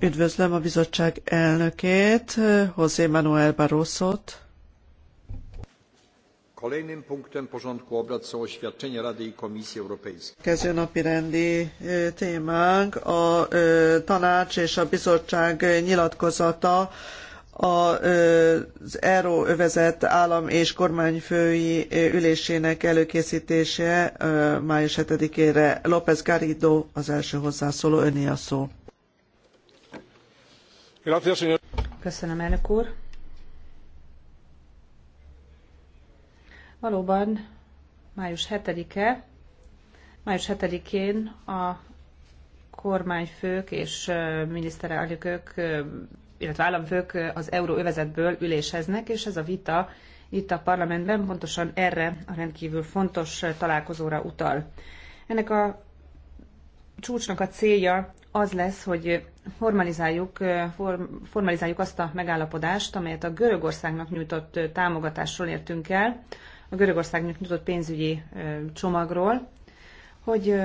Üdvözlöm a bizottság elnökét, José Manuel Barrosot. Kolejnym punktem porządku obrad są oświadczenia Rady i Komisji Europejskiej. Kezdő napi rendi e, témánk a e, tanács és a bizottság nyilatkozata az euróövezet állam és kormányfői ülésének előkészítése május 7-ére. López Garrido az első hozzászóló, öné a szó. Köszönöm, elnök úr. Valóban május 7-e, május 7-én a kormányfők és miniszterelnökök illetve államfők az euróövezetből üléseznek, és ez a vita itt a parlamentben pontosan erre a rendkívül fontos találkozóra utal. Ennek a csúcsnak a célja az lesz, hogy formalizáljuk, formalizáljuk azt a megállapodást, amelyet a Görögországnak nyújtott támogatásról értünk el, a Görögországnak nyújtott pénzügyi csomagról, hogy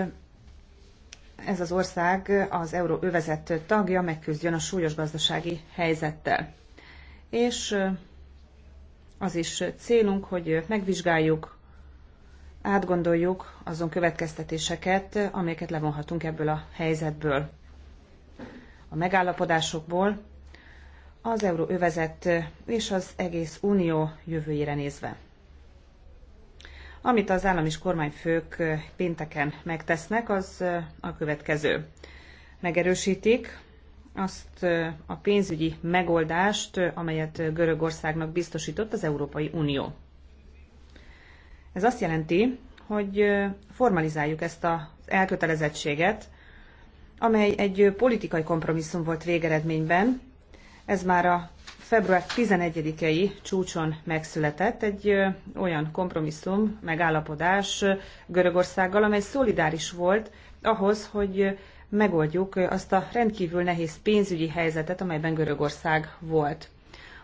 ez az ország az euróövezet tagja megküzdjön a súlyos gazdasági helyzettel. És az is célunk, hogy megvizsgáljuk, átgondoljuk azon következtetéseket, amelyeket levonhatunk ebből a helyzetből. A megállapodásokból az euróövezet és az egész unió jövőjére nézve. Amit az állam és kormányfők pénteken megtesznek, az a következő. Megerősítik azt a pénzügyi megoldást, amelyet Görögországnak biztosított az Európai Unió. Ez azt jelenti, hogy formalizáljuk ezt az elkötelezettséget, amely egy politikai kompromisszum volt végeredményben. Ez már a február 11-i csúcson megszületett egy olyan kompromisszum, megállapodás Görögországgal, amely szolidáris volt ahhoz, hogy megoldjuk azt a rendkívül nehéz pénzügyi helyzetet, amelyben Görögország volt.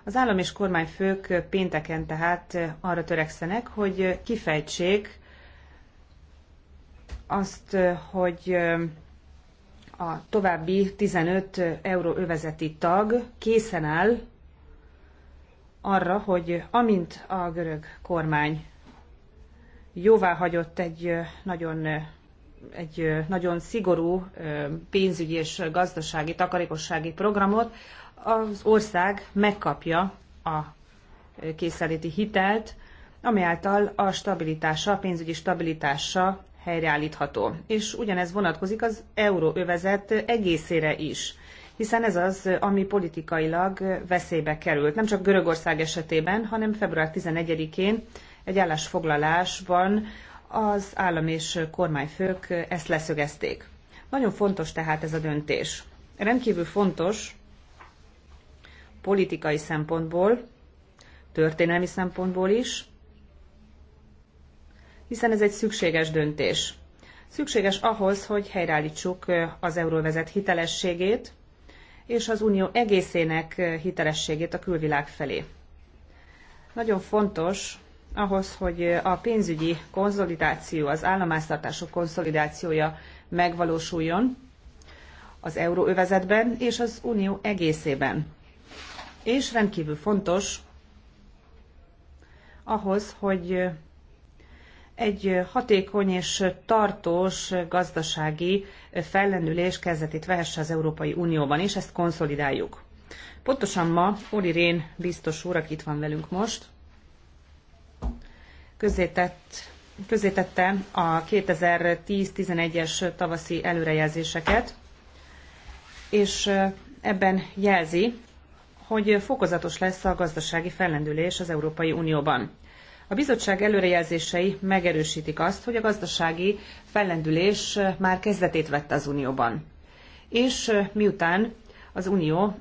Az állam és kormányfők pénteken tehát arra törekszenek, hogy kifejtsék azt, hogy a további 15 euró övezeti tag készen áll arra, hogy amint a görög kormány jóvá hagyott egy nagyon egy nagyon szigorú pénzügyi és gazdasági, takarékossági programot, az ország megkapja a készeléti hitelt, ami által a stabilitása, a pénzügyi stabilitása helyreállítható. És ugyanez vonatkozik az euróövezet egészére is hiszen ez az, ami politikailag veszélybe került. Nem csak Görögország esetében, hanem február 11-én egy állásfoglalásban az állam és kormányfők ezt leszögezték. Nagyon fontos tehát ez a döntés. Rendkívül fontos politikai szempontból, történelmi szempontból is, hiszen ez egy szükséges döntés. Szükséges ahhoz, hogy helyreállítsuk az euróvezet hitelességét, és az unió egészének eh, hitelességét a külvilág felé. Nagyon fontos ahhoz, hogy eh, a pénzügyi konszolidáció, az államháztartások konszolidációja megvalósuljon az euróövezetben és az unió egészében. És rendkívül fontos ahhoz, hogy eh, egy hatékony és tartós gazdasági fellendülés kezdetét vehesse az Európai Unióban, és ezt konszolidáljuk. Pontosan ma Oli Rén biztos úr, aki itt van velünk most, közzétett, közzétette a 2010-11-es tavaszi előrejelzéseket, és ebben jelzi, hogy fokozatos lesz a gazdasági fellendülés az Európai Unióban. A bizottság előrejelzései megerősítik azt, hogy a gazdasági fellendülés már kezdetét vette az Unióban. És miután az Unió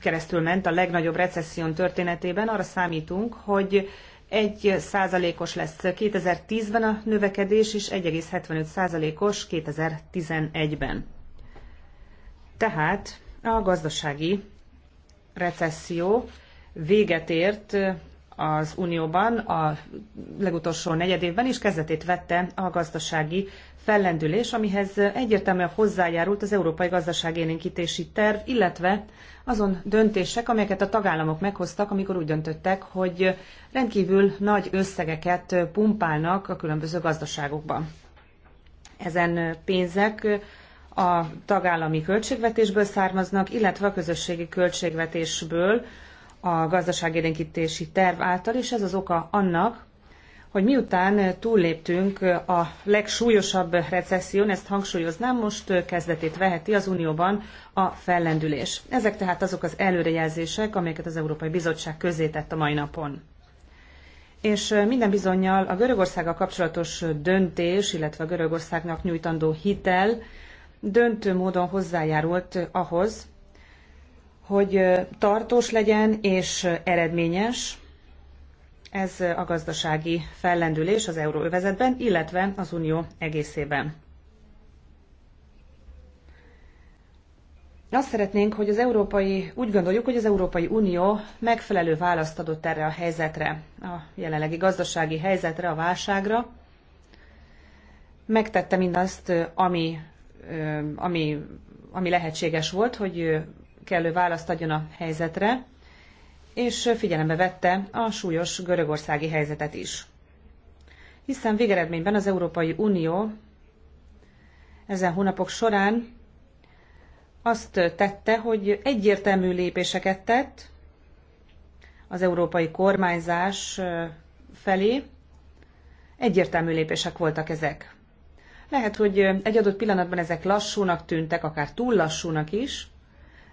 keresztül ment a legnagyobb recesszión történetében, arra számítunk, hogy 1 százalékos lesz 2010-ben a növekedés, és 1,75 százalékos 2011-ben. Tehát a gazdasági recesszió véget ért az Unióban a legutolsó negyed évben is kezdetét vette a gazdasági fellendülés, amihez egyértelműen hozzájárult az európai gazdaságélénkítési terv, illetve azon döntések, amelyeket a tagállamok meghoztak, amikor úgy döntöttek, hogy rendkívül nagy összegeket pumpálnak a különböző gazdaságokba. Ezen pénzek a tagállami költségvetésből származnak, illetve a közösségi költségvetésből, a gazdaságélénkítési terv által, és ez az oka annak, hogy miután túlléptünk a legsúlyosabb recesszión, ezt hangsúlyoznám, most kezdetét veheti az Unióban a fellendülés. Ezek tehát azok az előrejelzések, amelyeket az Európai Bizottság tett a mai napon. És minden bizonyal a Görögországgal kapcsolatos döntés, illetve a Görögországnak nyújtandó hitel döntő módon hozzájárult ahhoz, hogy tartós legyen és eredményes ez a gazdasági fellendülés az euróövezetben, illetve az unió egészében. Azt szeretnénk, hogy az Európai, úgy gondoljuk, hogy az Európai Unió megfelelő választ adott erre a helyzetre, a jelenlegi gazdasági helyzetre, a válságra. Megtette mindazt, ami, ami, ami lehetséges volt, hogy kellő választ adjon a helyzetre, és figyelembe vette a súlyos görögországi helyzetet is. Hiszen végeredményben az Európai Unió ezen hónapok során azt tette, hogy egyértelmű lépéseket tett az európai kormányzás felé. Egyértelmű lépések voltak ezek. Lehet, hogy egy adott pillanatban ezek lassúnak tűntek, akár túl lassúnak is,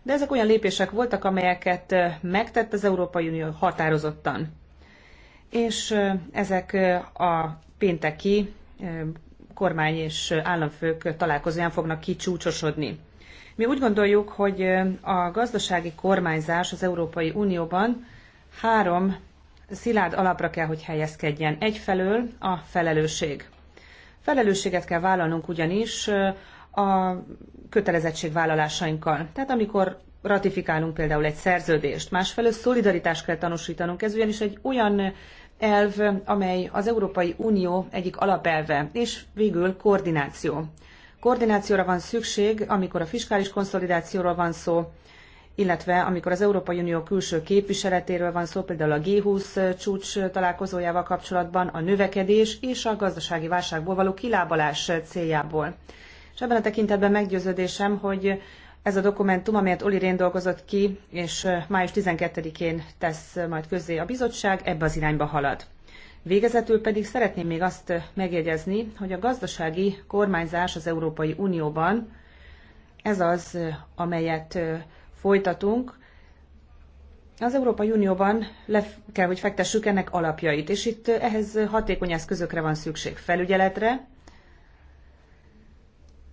de ezek olyan lépések voltak, amelyeket megtett az Európai Unió határozottan. És ezek a pénteki kormány és államfők találkozóján fognak kicsúcsosodni. Mi úgy gondoljuk, hogy a gazdasági kormányzás az Európai Unióban három szilárd alapra kell, hogy helyezkedjen. Egyfelől a felelősség. Felelősséget kell vállalnunk ugyanis a kötelezettségvállalásainkkal. Tehát amikor ratifikálunk például egy szerződést, másfelől szolidaritást kell tanúsítanunk, ez ugyanis egy olyan elv, amely az Európai Unió egyik alapelve, és végül koordináció. Koordinációra van szükség, amikor a fiskális konszolidációról van szó, illetve amikor az Európai Unió külső képviseletéről van szó, például a G20 csúcs találkozójával kapcsolatban, a növekedés és a gazdasági válságból való kilábalás céljából. És ebben a tekintetben meggyőződésem, hogy ez a dokumentum, amelyet Oli Rén dolgozott ki, és május 12-én tesz majd közzé a bizottság, ebbe az irányba halad. Végezetül pedig szeretném még azt megjegyezni, hogy a gazdasági kormányzás az Európai Unióban, ez az, amelyet folytatunk, az Európai Unióban le kell, hogy fektessük ennek alapjait, és itt ehhez hatékony eszközökre van szükség felügyeletre,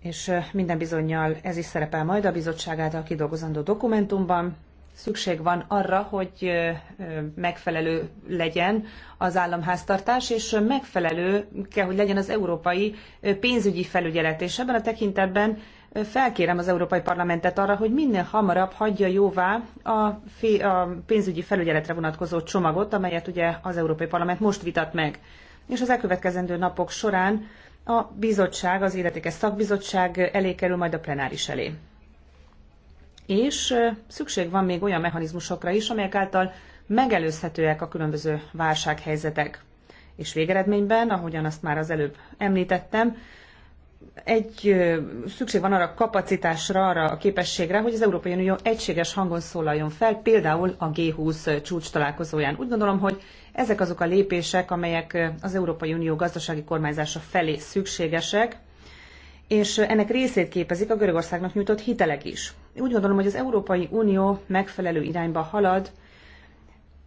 és minden bizonyal ez is szerepel majd a bizottság által kidolgozandó dokumentumban. Szükség van arra, hogy megfelelő legyen az államháztartás, és megfelelő kell, hogy legyen az európai pénzügyi felügyelet. És ebben a tekintetben felkérem az Európai Parlamentet arra, hogy minél hamarabb hagyja jóvá a, fé, a pénzügyi felügyeletre vonatkozó csomagot, amelyet ugye az Európai Parlament most vitat meg. És az elkövetkezendő napok során a bizottság, az illetékes szakbizottság elé kerül, majd a plenáris elé. És szükség van még olyan mechanizmusokra is, amelyek által megelőzhetőek a különböző válsághelyzetek. És végeredményben, ahogyan azt már az előbb említettem, egy szükség van arra a kapacitásra, arra a képességre, hogy az Európai Unió egységes hangon szólaljon fel, például a G20 csúcs találkozóján. Úgy gondolom, hogy ezek azok a lépések, amelyek az Európai Unió gazdasági kormányzása felé szükségesek, és ennek részét képezik a Görögországnak nyújtott hitelek is. Úgy gondolom, hogy az Európai Unió megfelelő irányba halad,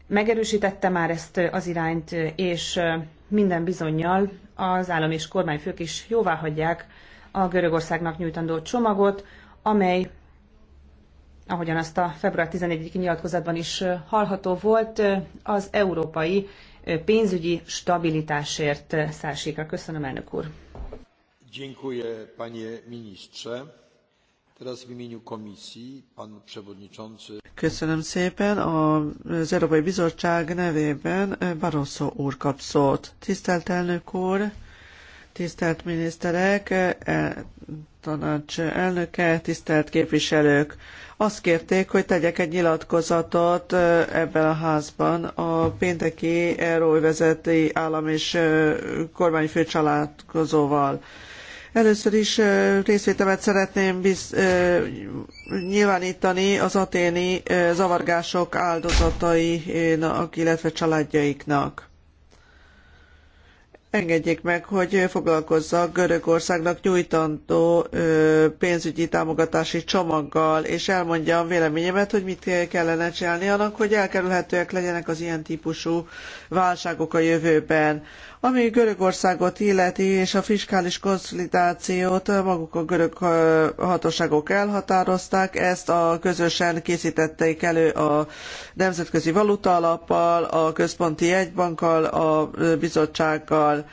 megerősítette már ezt az irányt, és minden bizonyal az állam és kormányfők is jóvá hagyják a Görögországnak nyújtandó csomagot, amely, ahogyan azt a február 11 i nyilatkozatban is hallható volt, az európai pénzügyi stabilitásért szásíkra. Köszönöm, elnök úr! Dziękuję, panie ministrze. Köszönöm szépen. Az Európai Bizottság nevében Barroso úr kap szót. Tisztelt elnök úr, tisztelt miniszterek, e, tanács elnöke, tisztelt képviselők. Azt kérték, hogy tegyek egy nyilatkozatot e, ebben a házban a pénteki euróvezeti állam és e, kormányfő találkozóval. Először is részvétemet szeretném biz, nyilvánítani az aténi zavargások áldozatainak, illetve családjaiknak. Engedjék meg, hogy foglalkozzak Görögországnak nyújtandó pénzügyi támogatási csomaggal, és elmondjam véleményemet, hogy mit kellene csinálni annak, hogy elkerülhetőek legyenek az ilyen típusú válságok a jövőben. Ami Görögországot illeti, és a fiskális konszolidációt maguk a görög hatóságok elhatározták, ezt a közösen készítették elő a Nemzetközi Valuta Alappal, a Központi Jegybankkal, a bizottsággal,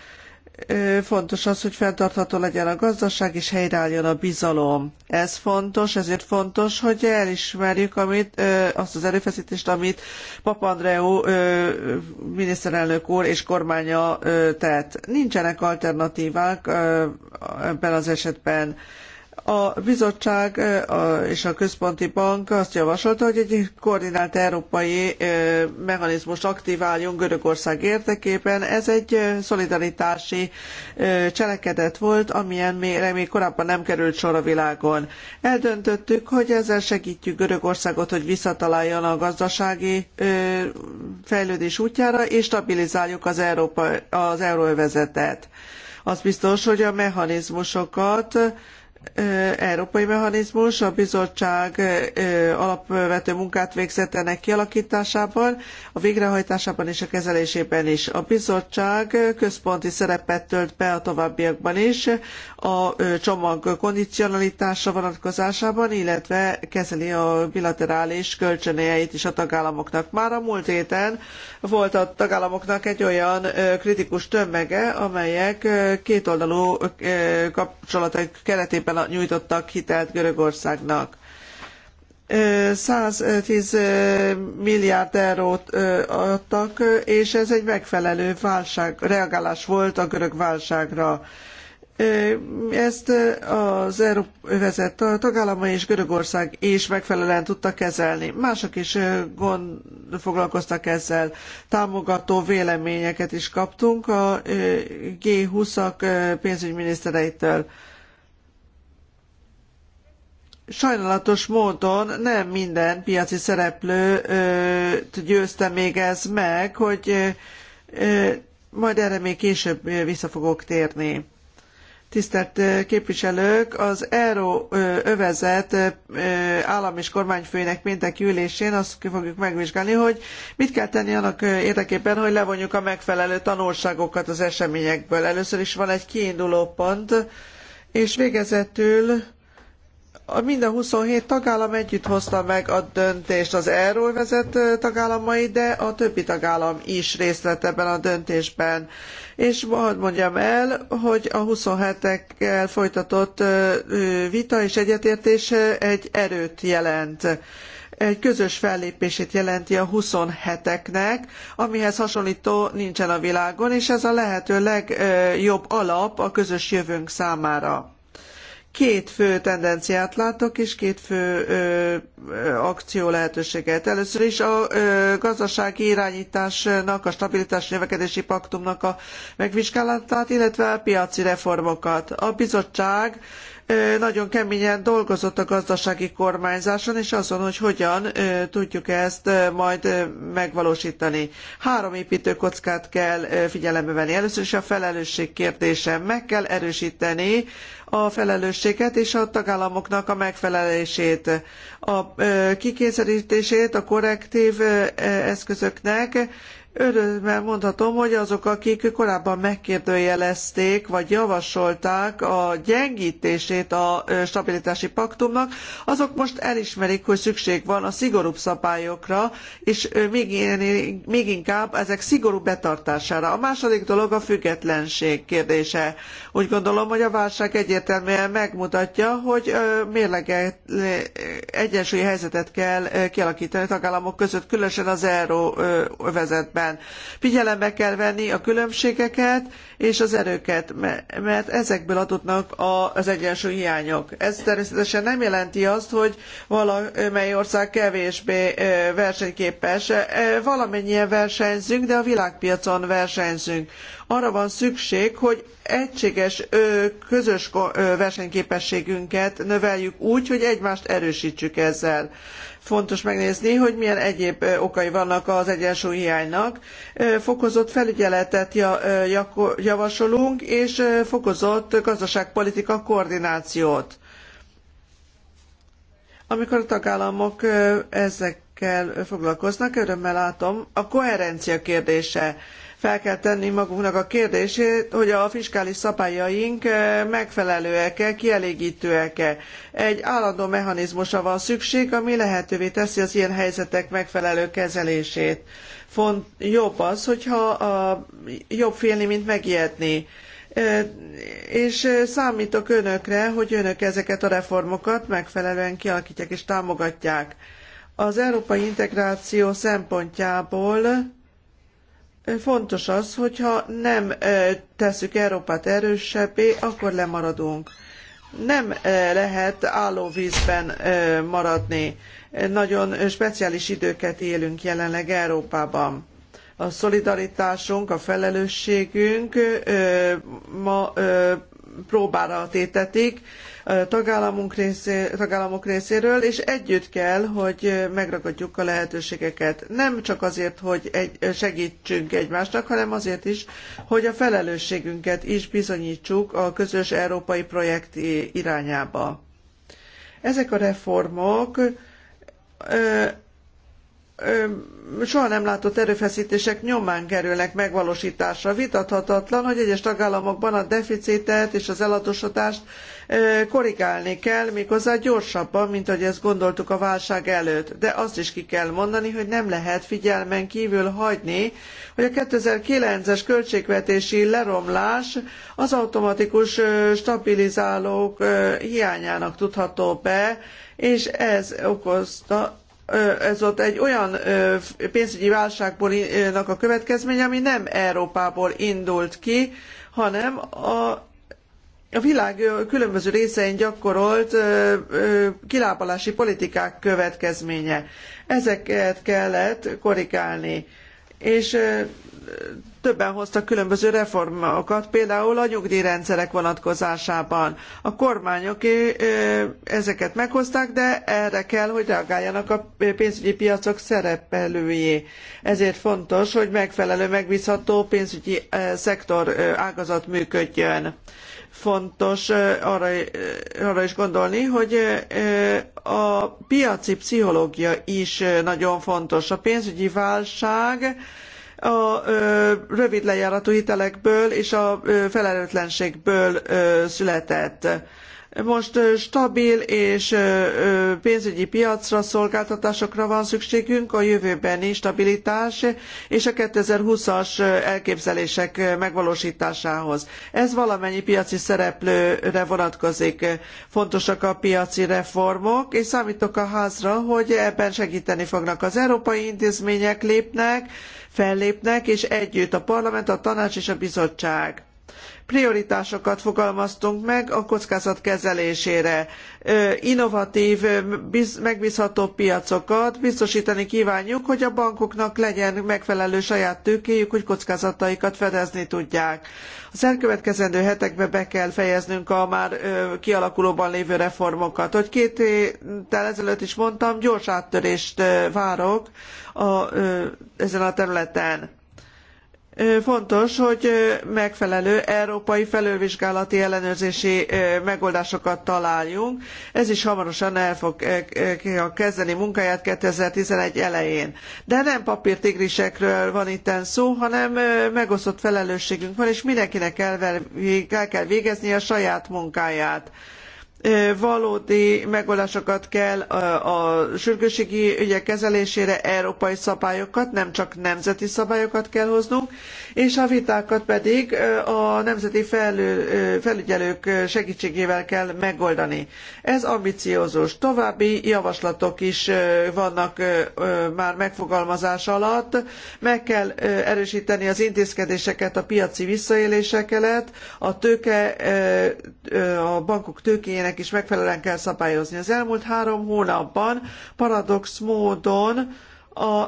fontos az, hogy fenntartható legyen a gazdaság, és helyreálljon a bizalom. Ez fontos, ezért fontos, hogy elismerjük amit, azt az erőfeszítést, amit Papandreou miniszterelnök úr és kormánya tett. Nincsenek alternatívák ebben az esetben a bizottság és a központi bank azt javasolta, hogy egy koordinált európai mechanizmust aktiváljunk Görögország érdekében. Ez egy szolidaritási cselekedet volt, amilyen még korábban nem került sor a világon. Eldöntöttük, hogy ezzel segítjük Görögországot, hogy visszataláljon a gazdasági fejlődés útjára, és stabilizáljuk az, Európa, az euróövezetet. Az biztos, hogy a mechanizmusokat európai mechanizmus a bizottság alapvető munkát végzett ennek kialakításában, a végrehajtásában és a kezelésében is. A bizottság központi szerepet tölt be a továbbiakban is a csomag kondicionalitása vonatkozásában, illetve kezeli a bilaterális kölcsönjeit is a tagállamoknak. Már a múlt héten volt a tagállamoknak egy olyan kritikus tömege, amelyek kétoldalú kapcsolatok keretében által nyújtottak hitelt Görögországnak. 110 milliárd eurót adtak, és ez egy megfelelő válság, reagálás volt a görög válságra. Ezt az Euróvezet tagállamai és Görögország is megfelelően tudta kezelni. Mások is gond, foglalkoztak ezzel. Támogató véleményeket is kaptunk a G20-ak pénzügyminisztereitől sajnálatos módon nem minden piaci szereplő győzte még ez meg, hogy majd erre még később vissza fogok térni. Tisztelt képviselők, az ERO övezet állam és kormányfőinek pénteki ülésén azt fogjuk megvizsgálni, hogy mit kell tenni annak érdekében, hogy levonjuk a megfelelő tanulságokat az eseményekből. Először is van egy kiinduló pont, és végezetül mind a 27 tagállam együtt hozta meg a döntést az euróvezet tagállamai, de a többi tagállam is részt vett ebben a döntésben. És hadd mondjam el, hogy a 27-ekkel folytatott vita és egyetértés egy erőt jelent egy közös fellépését jelenti a 27-eknek, amihez hasonlító nincsen a világon, és ez a lehető legjobb alap a közös jövőnk számára. Két fő tendenciát látok, és két fő ö, akció lehetőséget. Először is a ö, gazdasági irányításnak, a stabilitás növekedési paktumnak a megvizsgálatát, illetve a piaci reformokat. A bizottság nagyon keményen dolgozott a gazdasági kormányzáson, és azon, hogy hogyan tudjuk ezt majd megvalósítani. Három építőkockát kell figyelembe venni. Először is a felelősség kérdése. Meg kell erősíteni a felelősséget és a tagállamoknak a megfelelését, a kikényszerítését a korrektív eszközöknek, Örömmel mondhatom, hogy azok, akik korábban megkérdőjelezték, vagy javasolták a gyengítését a stabilitási paktumnak, azok most elismerik, hogy szükség van a szigorúbb szabályokra, és még, még inkább ezek szigorú betartására. A második dolog a függetlenség kérdése. Úgy gondolom, hogy a válság egyértelműen megmutatja, hogy mérleget, egyensúlyi helyzetet kell kialakítani a tagállamok között, különösen az euróövezetben során. Figyelembe kell venni a különbségeket és az erőket, mert ezekből adódnak az egyensúly hiányok. Ez természetesen nem jelenti azt, hogy valamely ország kevésbé versenyképes. Valamennyien versenyzünk, de a világpiacon versenyzünk. Arra van szükség, hogy egységes közös versenyképességünket növeljük úgy, hogy egymást erősítsük ezzel fontos megnézni, hogy milyen egyéb okai vannak az hiánynak. Fokozott felügyeletet javasolunk, és fokozott gazdaságpolitika koordinációt. Amikor a tagállamok ezekkel foglalkoznak, örömmel látom, a koherencia kérdése fel kell tenni magunknak a kérdését, hogy a fiskális szabályaink eh, megfelelőek-e, kielégítőek-e. Egy állandó mechanizmusa van szükség, ami lehetővé teszi az ilyen helyzetek megfelelő kezelését. Font, jobb az, hogyha a, jobb félni, mint megijedni eh, és eh, számítok önökre, hogy önök ezeket a reformokat megfelelően kialakítják és támogatják. Az európai integráció szempontjából Fontos az, hogyha nem e, tesszük Európát erősebbé, akkor lemaradunk. Nem e, lehet állóvízben e, maradni. Nagyon speciális időket élünk jelenleg Európában a szolidaritásunk, a felelősségünk ma próbára tétetik, tagállamunk részé, tagállamok részéről, és együtt kell, hogy megragadjuk a lehetőségeket. Nem csak azért, hogy egy, segítsünk egymásnak, hanem azért is, hogy a felelősségünket is bizonyítsuk a közös európai projekt irányába. Ezek a reformok ö, soha nem látott erőfeszítések nyomán kerülnek megvalósításra. Vitathatatlan, hogy egyes tagállamokban a deficitet és az eladósodást korrigálni kell, méghozzá gyorsabban, mint ahogy ezt gondoltuk a válság előtt. De azt is ki kell mondani, hogy nem lehet figyelmen kívül hagyni, hogy a 2009-es költségvetési leromlás az automatikus stabilizálók hiányának tudható be, és ez okozta ez ott egy olyan pénzügyi válságnak a következménye, ami nem Európából indult ki, hanem a a világ különböző részein gyakorolt kilábalási politikák következménye. Ezeket kellett korrigálni. És többen hoztak különböző reformokat, például a nyugdíjrendszerek vonatkozásában. A kormányok ezeket meghozták, de erre kell, hogy reagáljanak a pénzügyi piacok szerepelői. Ezért fontos, hogy megfelelő, megbízható pénzügyi szektor ágazat működjön fontos arra, arra is gondolni, hogy a piaci pszichológia is nagyon fontos. A pénzügyi válság a rövid lejáratú hitelekből és a felelőtlenségből született most stabil és pénzügyi piacra, szolgáltatásokra van szükségünk, a jövőbeni stabilitás és a 2020-as elképzelések megvalósításához. Ez valamennyi piaci szereplőre vonatkozik. Fontosak a piaci reformok, és számítok a házra, hogy ebben segíteni fognak az európai intézmények, lépnek, fellépnek, és együtt a parlament, a tanács és a bizottság Prioritásokat fogalmaztunk meg a kockázat kezelésére. Innovatív, megbízható piacokat biztosítani kívánjuk, hogy a bankoknak legyen megfelelő saját tőkéjük, hogy kockázataikat fedezni tudják. Az elkövetkezendő hetekben be kell fejeznünk a már kialakulóban lévő reformokat. Hogy két héttel ezelőtt is mondtam, gyors áttörést várok a, ezen a területen Fontos, hogy megfelelő európai felülvizsgálati ellenőrzési megoldásokat találjunk. Ez is hamarosan el fogja kezdeni munkáját 2011 elején. De nem papírtigrisekről van itten szó, hanem megosztott felelősségünk van, és mindenkinek el kell végezni a saját munkáját valódi megoldásokat kell a, sürgősségi ügyek kezelésére, európai szabályokat, nem csak nemzeti szabályokat kell hoznunk, és a vitákat pedig a nemzeti felügyelők segítségével kell megoldani. Ez ambiciózus. További javaslatok is vannak már megfogalmazás alatt. Meg kell erősíteni az intézkedéseket a piaci visszaélések a tőke, a bankok tőkéjének ennek is megfelelően kell szabályozni. Az elmúlt három hónapban paradox módon a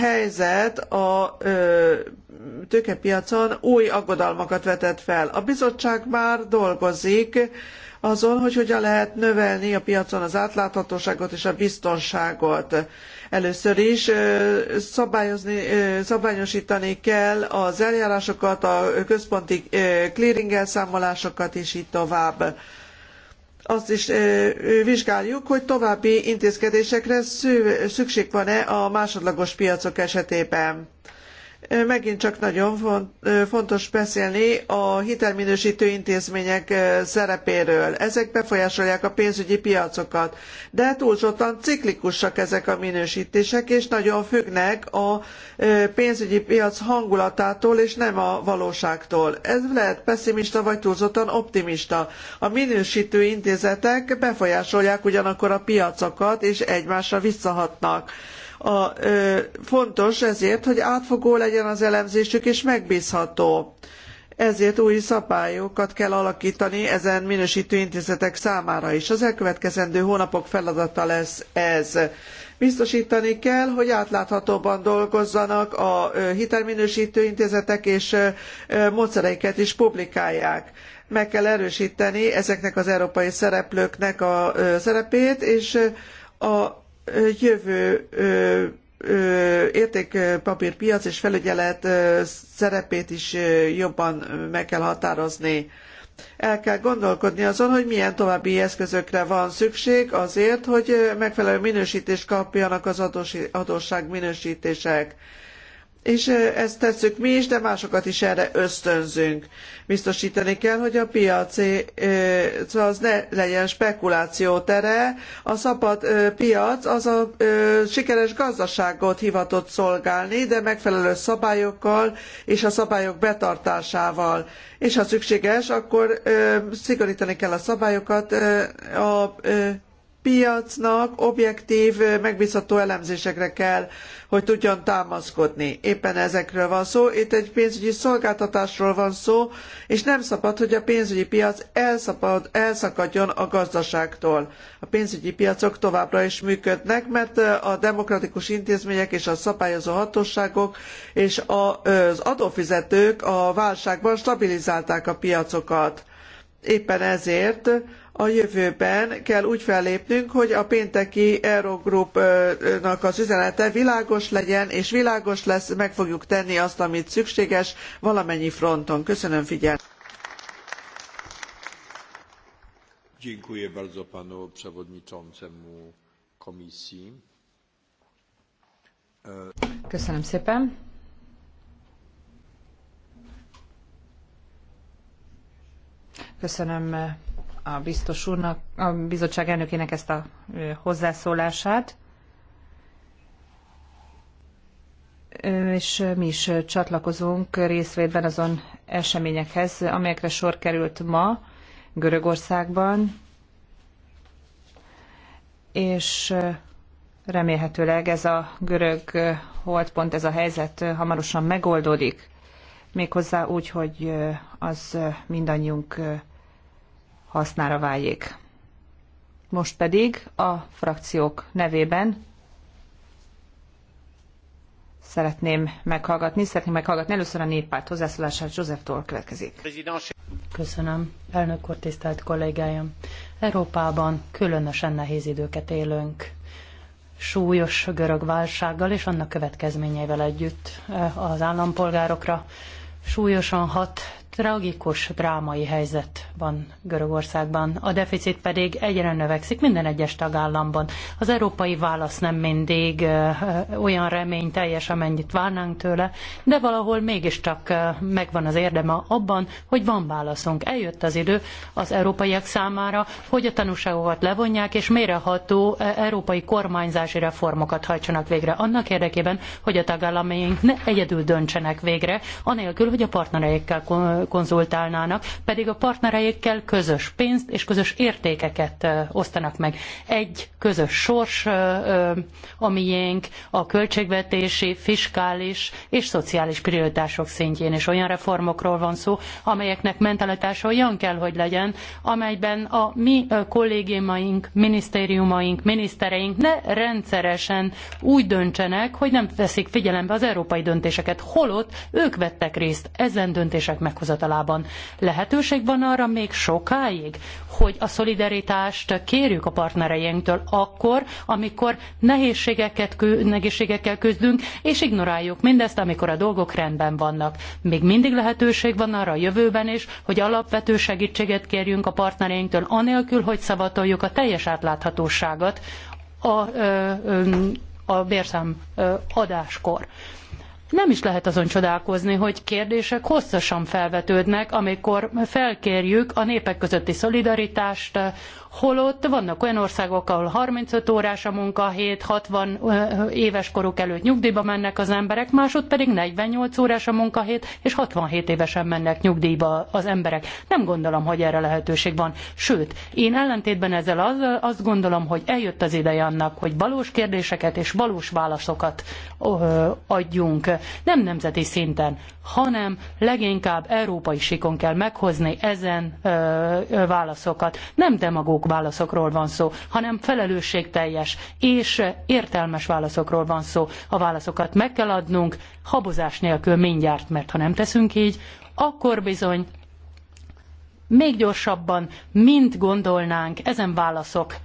helyzet a tőkepiacon új aggodalmakat vetett fel. A bizottság már dolgozik azon, hogy hogyan lehet növelni a piacon az átláthatóságot és a biztonságot. Először is szabályozni, szabályosítani kell az eljárásokat, a központi clearing számolásokat és így tovább azt is vizsgáljuk, hogy további intézkedésekre szükség van-e a másodlagos piacok esetében. Megint csak nagyon fontos beszélni a hitelminősítő intézmények szerepéről. Ezek befolyásolják a pénzügyi piacokat, de túlzottan ciklikusak ezek a minősítések, és nagyon függnek a pénzügyi piac hangulatától, és nem a valóságtól. Ez lehet pessimista vagy túlzottan optimista. A minősítő intézetek befolyásolják ugyanakkor a piacokat, és egymásra visszahatnak a, ö, fontos ezért, hogy átfogó legyen az elemzésük és megbízható. Ezért új szabályokat kell alakítani ezen minősítő intézetek számára is. Az elkövetkezendő hónapok feladata lesz ez. Biztosítani kell, hogy átláthatóban dolgozzanak a hitelminősítő intézetek és módszereiket is publikálják meg kell erősíteni ezeknek az európai szereplőknek a szerepét, és a jövő értékpapírpiac és felügyelet szerepét is jobban meg kell határozni. El kell gondolkodni azon, hogy milyen további eszközökre van szükség azért, hogy megfelelő minősítést kapjanak az adósság minősítések és ezt tesszük mi is, de másokat is erre ösztönzünk. Biztosítani kell, hogy a piaci szóval az ne legyen spekuláció tere. A szabad piac az a sikeres gazdaságot hivatott szolgálni, de megfelelő szabályokkal és a szabályok betartásával. És ha szükséges, akkor szigorítani kell a szabályokat a piacnak objektív, megbízható elemzésekre kell, hogy tudjon támaszkodni. Éppen ezekről van szó. Itt egy pénzügyi szolgáltatásról van szó, és nem szabad, hogy a pénzügyi piac elszabad, elszakadjon a gazdaságtól. A pénzügyi piacok továbbra is működnek, mert a demokratikus intézmények és a szabályozó hatóságok és az adófizetők a válságban stabilizálták a piacokat. Éppen ezért a jövőben kell úgy fellépnünk, hogy a pénteki Eurogroupnak az üzenete világos legyen, és világos lesz, meg fogjuk tenni azt, amit szükséges valamennyi fronton. Köszönöm figyelmet! Dziękuję bardzo panu przewodniczącemu komisji. E- Köszönöm szépen. Köszönöm a biztos úrnak, a bizottság elnökének ezt a hozzászólását. és mi is csatlakozunk részvétben azon eseményekhez, amelyekre sor került ma Görögországban, és remélhetőleg ez a görög holdpont, ez a helyzet hamarosan megoldódik, méghozzá úgy, hogy az mindannyiunk hasznára váljék. Most pedig a frakciók nevében szeretném meghallgatni, szeretném meghallgatni először a néppárt hozzászólását Józseftól következik. Köszönöm, elnök úr, tisztelt kollégáim. Európában különösen nehéz időket élünk súlyos görög válsággal és annak következményeivel együtt eh, az állampolgárokra súlyosan hat tragikus, drámai helyzet van Görögországban, a deficit pedig egyre növekszik minden egyes tagállamban. Az európai válasz nem mindig olyan teljes, amennyit várnánk tőle, de valahol mégiscsak megvan az érdeme abban, hogy van válaszunk. Eljött az idő az európaiak számára, hogy a tanúságokat levonják, és méreható európai kormányzási reformokat hajtsanak végre annak érdekében, hogy a tagállamaink ne egyedül döntsenek végre, anélkül, hogy a partnereikkel konzultálnának, pedig a partnereikkel közös pénzt és közös értékeket osztanak meg. Egy közös sors, amiénk a költségvetési, fiskális és szociális prioritások szintjén, és olyan reformokról van szó, amelyeknek mentalitása olyan kell, hogy legyen, amelyben a mi kollégiumaink, minisztériumaink, minisztereink ne rendszeresen úgy döntsenek, hogy nem veszik figyelembe az európai döntéseket, holott ők vettek részt ezen döntések meghozatásában hivatalában. Lehetőség van arra még sokáig, hogy a szolidaritást kérjük a partnereinktől akkor, amikor nehézségeket, nehézségekkel küzdünk, és ignoráljuk mindezt, amikor a dolgok rendben vannak. Még mindig lehetőség van arra a jövőben is, hogy alapvető segítséget kérjünk a partnereinktől, anélkül, hogy szavatoljuk a teljes átláthatóságot a, a bérszám adáskor. Nem is lehet azon csodálkozni, hogy kérdések hosszasan felvetődnek, amikor felkérjük a népek közötti szolidaritást, holott vannak olyan országok, ahol 35 órás a munkahét, 60 éves koruk előtt nyugdíjba mennek az emberek, másod pedig 48 órás a munkahét, és 67 évesen mennek nyugdíjba az emberek. Nem gondolom, hogy erre lehetőség van. Sőt, én ellentétben ezzel az azt gondolom, hogy eljött az ideje annak, hogy valós kérdéseket és valós válaszokat adjunk. Nem nemzeti szinten, hanem leginkább európai sikon kell meghozni ezen válaszokat. Nem demagóg adandók válaszokról van szó, hanem felelősségteljes és értelmes válaszokról van szó. A válaszokat meg kell adnunk, habozás nélkül mindjárt, mert ha nem teszünk így, akkor bizony még gyorsabban, mint gondolnánk, ezen válaszok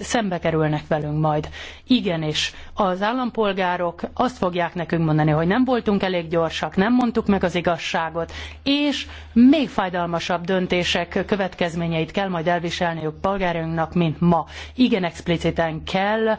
szembe kerülnek velünk majd. Igenis, az állampolgárok azt fogják nekünk mondani, hogy nem voltunk elég gyorsak, nem mondtuk meg az igazságot, és még fájdalmasabb döntések következményeit kell majd elviselniük polgárainknak, mint ma. Igen, expliciten kell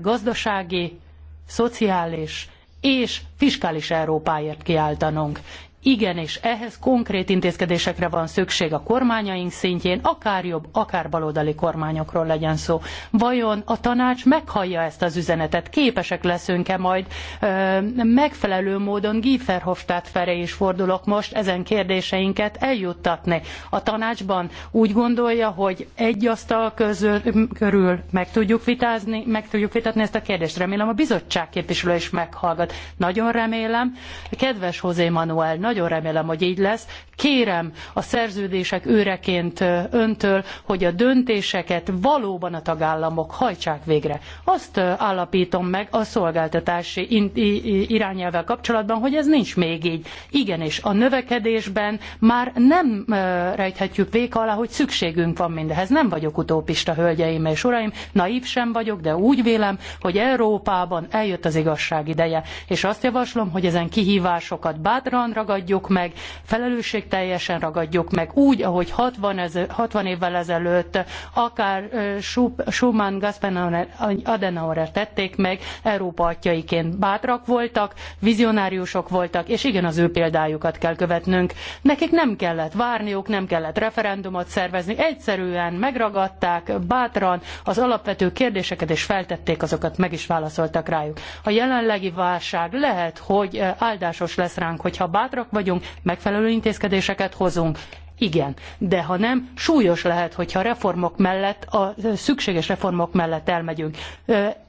gazdasági, szociális és fiskális Európáért kiáltanunk. Igen, és ehhez konkrét intézkedésekre van szükség a kormányaink szintjén, akár jobb, akár baloldali kormányokról legyen szó. Vajon a tanács meghallja ezt az üzenetet? Képesek leszünk-e majd ö, megfelelő módon Guy Verhofstadt felé is fordulok most ezen kérdéseinket eljuttatni? A tanácsban úgy gondolja, hogy egy asztal közül, körül meg tudjuk, vitázni, meg tudjuk vitatni ezt a kérdést. Remélem a bizottság képviselő is meghallgat. Nagyon remélem. Kedves José Manuel, nagyon remélem, hogy így lesz. Kérem a szerződések őreként öntől, hogy a döntéseket valóban a tagállamok hajtsák végre. Azt állapítom meg a szolgáltatási irányelvvel kapcsolatban, hogy ez nincs még így. Igenis, a növekedésben már nem rejthetjük vék alá, hogy szükségünk van mindehez. Nem vagyok utópista, hölgyeim és uraim, naív sem vagyok, de úgy vélem, hogy Európában eljött az igazság ideje. És azt javaslom, hogy ezen kihívásokat bátran ragadjuk, ragadjuk meg, felelősségteljesen ragadjuk meg, úgy, ahogy 60, ez, 60 évvel ezelőtt akár Schumann, Gaspenauer, Adenauer tették meg, Európa atyaiként bátrak voltak, vizionáriusok voltak, és igen, az ő példájukat kell követnünk. Nekik nem kellett várniuk, nem kellett referendumot szervezni, egyszerűen megragadták bátran az alapvető kérdéseket, és feltették azokat, meg is válaszoltak rájuk. A jelenlegi válság lehet, hogy áldásos lesz ránk, hogyha bátrak vagyunk, megfelelő intézkedéseket hozunk. Igen, de ha nem, súlyos lehet, hogyha reformok mellett, a szükséges reformok mellett elmegyünk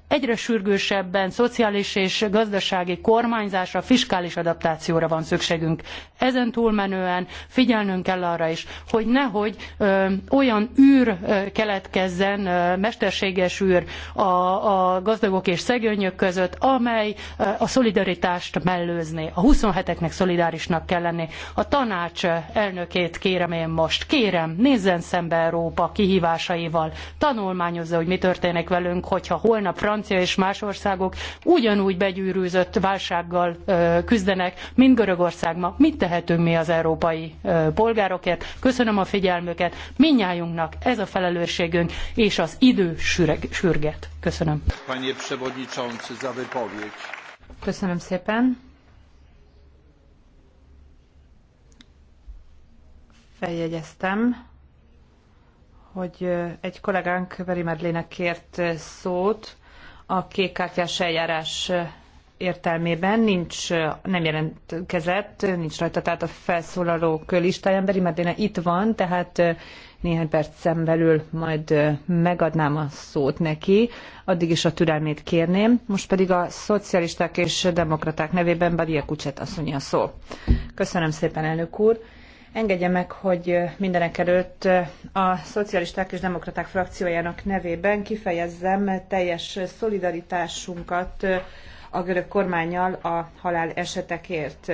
egyre sürgősebben szociális és gazdasági kormányzásra, fiskális adaptációra van szükségünk. Ezen túlmenően figyelnünk kell arra is, hogy nehogy ö, olyan űr keletkezzen, ö, mesterséges űr a, a gazdagok és szegények között, amely ö, a szolidaritást mellőzné. A 27-eknek szolidárisnak kell lenni. A tanács elnökét kérem én most. Kérem, nézzen szembe Európa kihívásaival. Tanulmányozza, hogy mi történik velünk, hogyha holnap Francia Francia és más országok ugyanúgy begyűrűzött válsággal küzdenek, mint Görögország ma. Mit tehetünk mi az európai polgárokért? Köszönöm a figyelmüket. Minnyájunknak ez a felelősségünk és az idő süreg, sürget. Köszönöm. Köszönöm szépen. Feljegyeztem, hogy egy kollégánk Veri Medlének kért szót, a kékkártyás eljárás értelmében nincs, nem jelentkezett, nincs rajta, tehát a felszólalók listáján Beri Medina itt van, tehát néhány percen belül majd megadnám a szót neki, addig is a türelmét kérném. Most pedig a szocialisták és demokraták nevében Badia Kucset asszony a szó. Köszönöm szépen, elnök úr! Engedje meg, hogy mindenek előtt a Szocialisták és Demokraták frakciójának nevében kifejezzem teljes szolidaritásunkat a görög kormányjal a halál esetekért.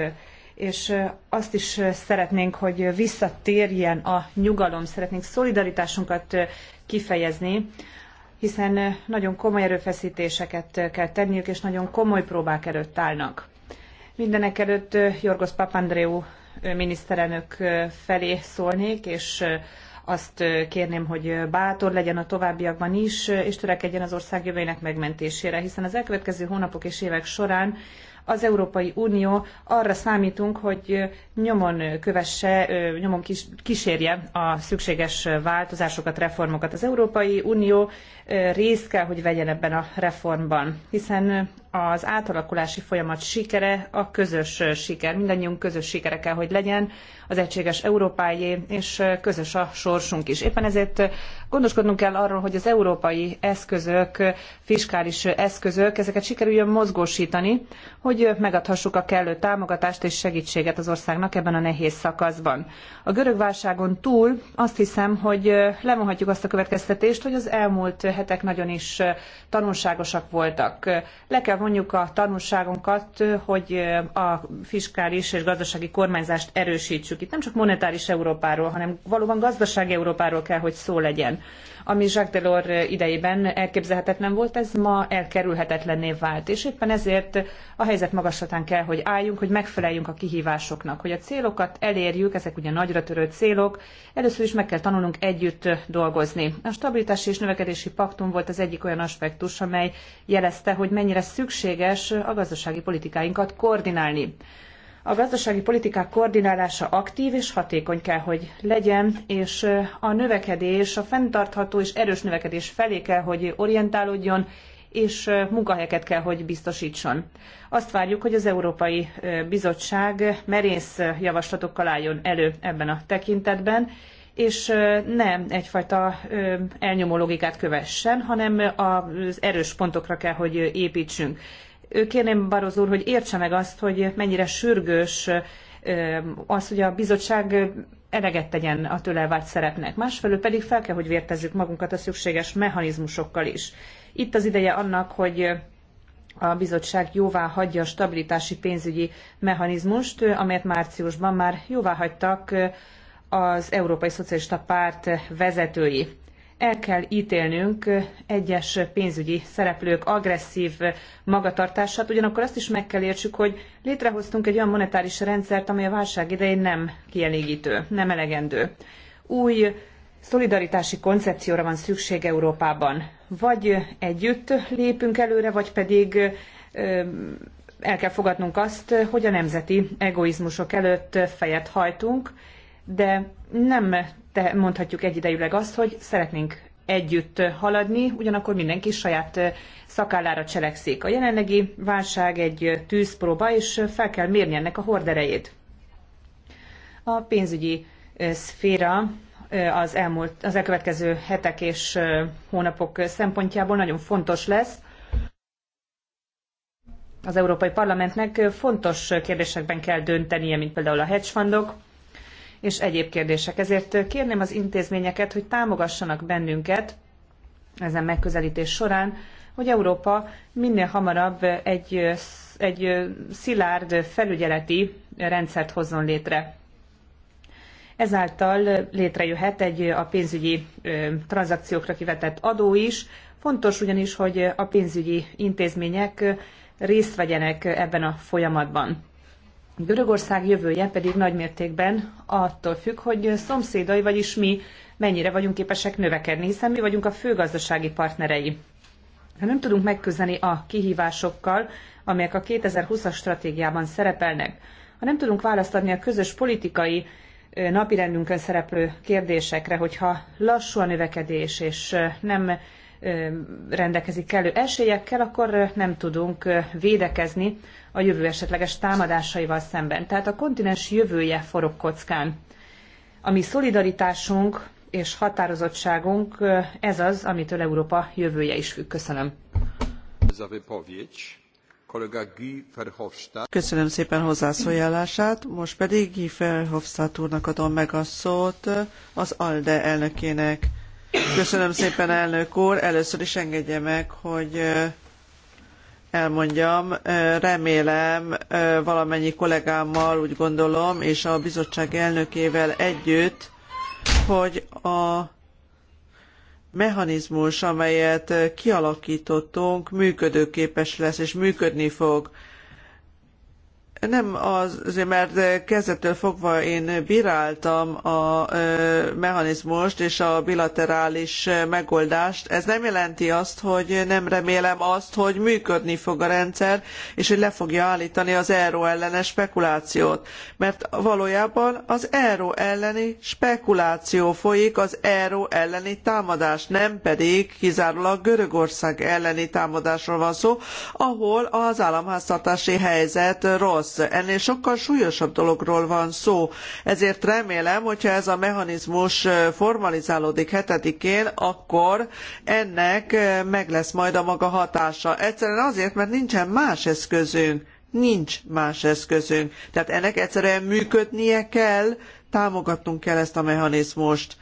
És azt is szeretnénk, hogy visszatérjen a nyugalom, szeretnénk szolidaritásunkat kifejezni, hiszen nagyon komoly erőfeszítéseket kell tenniük, és nagyon komoly próbák előtt állnak. Mindenek előtt Jorgos Papandreou miniszterelnök felé szólnék, és azt kérném, hogy bátor legyen a továbbiakban is, és törekedjen az ország jövőjének megmentésére, hiszen az elkövetkező hónapok és évek során az Európai Unió arra számítunk, hogy nyomon kövesse, nyomon kísérje a szükséges változásokat, reformokat. Az Európai Unió részt kell, hogy vegyen ebben a reformban, hiszen az átalakulási folyamat sikere a közös siker. Mindannyiunk közös sikere kell, hogy legyen az egységes európáé, és közös a sorsunk is. Éppen ezért gondoskodnunk kell arról, hogy az európai eszközök, fiskális eszközök, ezeket sikerüljön mozgósítani, hogy megadhassuk a kellő támogatást és segítséget az országnak ebben a nehéz szakaszban. A görög válságon túl azt hiszem, hogy levonhatjuk azt a következtetést, hogy az elmúlt hetek nagyon is tanulságosak voltak. Le kell levonjuk a tanulságunkat, hogy a fiskális és gazdasági kormányzást erősítsük. Itt nem csak monetáris Európáról, hanem valóban gazdasági Európáról kell, hogy szó legyen. Ami Jacques Delors idejében elképzelhetetlen volt, ez ma elkerülhetetlenné vált. És éppen ezért a helyzet magaslatán kell, hogy álljunk, hogy megfeleljünk a kihívásoknak, hogy a célokat elérjük, ezek ugye nagyra törő célok, először is meg kell tanulnunk együtt dolgozni. A stabilitási és növekedési paktum volt az egyik olyan aspektus, amely jelezte, hogy mennyire szükséges szükséges a gazdasági politikáinkat koordinálni. A gazdasági politikák koordinálása aktív és hatékony kell, hogy legyen, és a növekedés, a fenntartható és erős növekedés felé kell, hogy orientálódjon, és munkahelyeket kell, hogy biztosítson. Azt várjuk, hogy az Európai Bizottság merész javaslatokkal álljon elő ebben a tekintetben, és nem egyfajta elnyomó logikát kövessen, hanem az erős pontokra kell, hogy építsünk. Kérném Baroz úr, hogy értse meg azt, hogy mennyire sürgős az, hogy a bizottság eleget tegyen a tőle elvárt szerepnek. Másfelől pedig fel kell, hogy vértezzük magunkat a szükséges mechanizmusokkal is. Itt az ideje annak, hogy a bizottság jóvá hagyja a stabilitási pénzügyi mechanizmust, amelyet márciusban már jóvá hagytak az Európai Szocialista Párt vezetői. El kell ítélnünk egyes pénzügyi szereplők agresszív magatartását, ugyanakkor azt is meg kell értsük, hogy létrehoztunk egy olyan monetáris rendszert, amely a válság idején nem kielégítő, nem elegendő. Új szolidaritási koncepcióra van szükség Európában. Vagy együtt lépünk előre, vagy pedig el kell fogadnunk azt, hogy a nemzeti egoizmusok előtt fejet hajtunk, de nem te mondhatjuk egyidejűleg azt, hogy szeretnénk együtt haladni, ugyanakkor mindenki saját szakállára cselekszik. A jelenlegi válság egy tűzpróba, és fel kell mérni ennek a horderejét. A pénzügyi szféra az, elmúlt, az elkövetkező hetek és hónapok szempontjából nagyon fontos lesz. Az Európai Parlamentnek fontos kérdésekben kell döntenie, mint például a hedgefundok, és egyéb kérdések. Ezért kérném az intézményeket, hogy támogassanak bennünket ezen megközelítés során, hogy Európa minél hamarabb egy, egy szilárd felügyeleti rendszert hozzon létre. Ezáltal létrejöhet egy a pénzügyi tranzakciókra kivetett adó is. Fontos ugyanis, hogy a pénzügyi intézmények részt vegyenek ebben a folyamatban. Görögország jövője pedig nagymértékben attól függ, hogy szomszédai, vagyis mi mennyire vagyunk képesek növekedni, hiszen mi vagyunk a fő gazdasági partnerei. Ha nem tudunk megküzdeni a kihívásokkal, amelyek a 2020-as stratégiában szerepelnek, ha nem tudunk választ adni a közös politikai napirendünkön szereplő kérdésekre, hogyha lassú a növekedés és nem rendelkezik kellő esélyekkel, akkor nem tudunk védekezni a jövő esetleges támadásaival szemben. Tehát a kontinens jövője forog kockán. A mi szolidaritásunk és határozottságunk ez az, amitől Európa jövője is függ. Köszönöm. Köszönöm szépen hozzászólását. most pedig Guy Verhofstadt úrnak adom meg a szót az ALDE elnökének. Köszönöm szépen, elnök úr! Először is engedje meg, hogy elmondjam. Remélem valamennyi kollégámmal úgy gondolom, és a bizottság elnökével együtt, hogy a mechanizmus, amelyet kialakítottunk, működőképes lesz és működni fog. Nem azért, mert kezdettől fogva én bíráltam a mechanizmust és a bilaterális megoldást. Ez nem jelenti azt, hogy nem remélem azt, hogy működni fog a rendszer, és hogy le fogja állítani az euró ellenes spekulációt. Mert valójában az euró elleni spekuláció folyik, az euró elleni támadás, nem pedig kizárólag Görögország elleni támadásról van szó, ahol az államháztartási helyzet rossz rossz. Ennél sokkal súlyosabb dologról van szó. Ezért remélem, hogyha ez a mechanizmus formalizálódik hetedikén, akkor ennek meg lesz majd a maga hatása. Egyszerűen azért, mert nincsen más eszközünk. Nincs más eszközünk. Tehát ennek egyszerűen működnie kell, támogatnunk kell ezt a mechanizmust.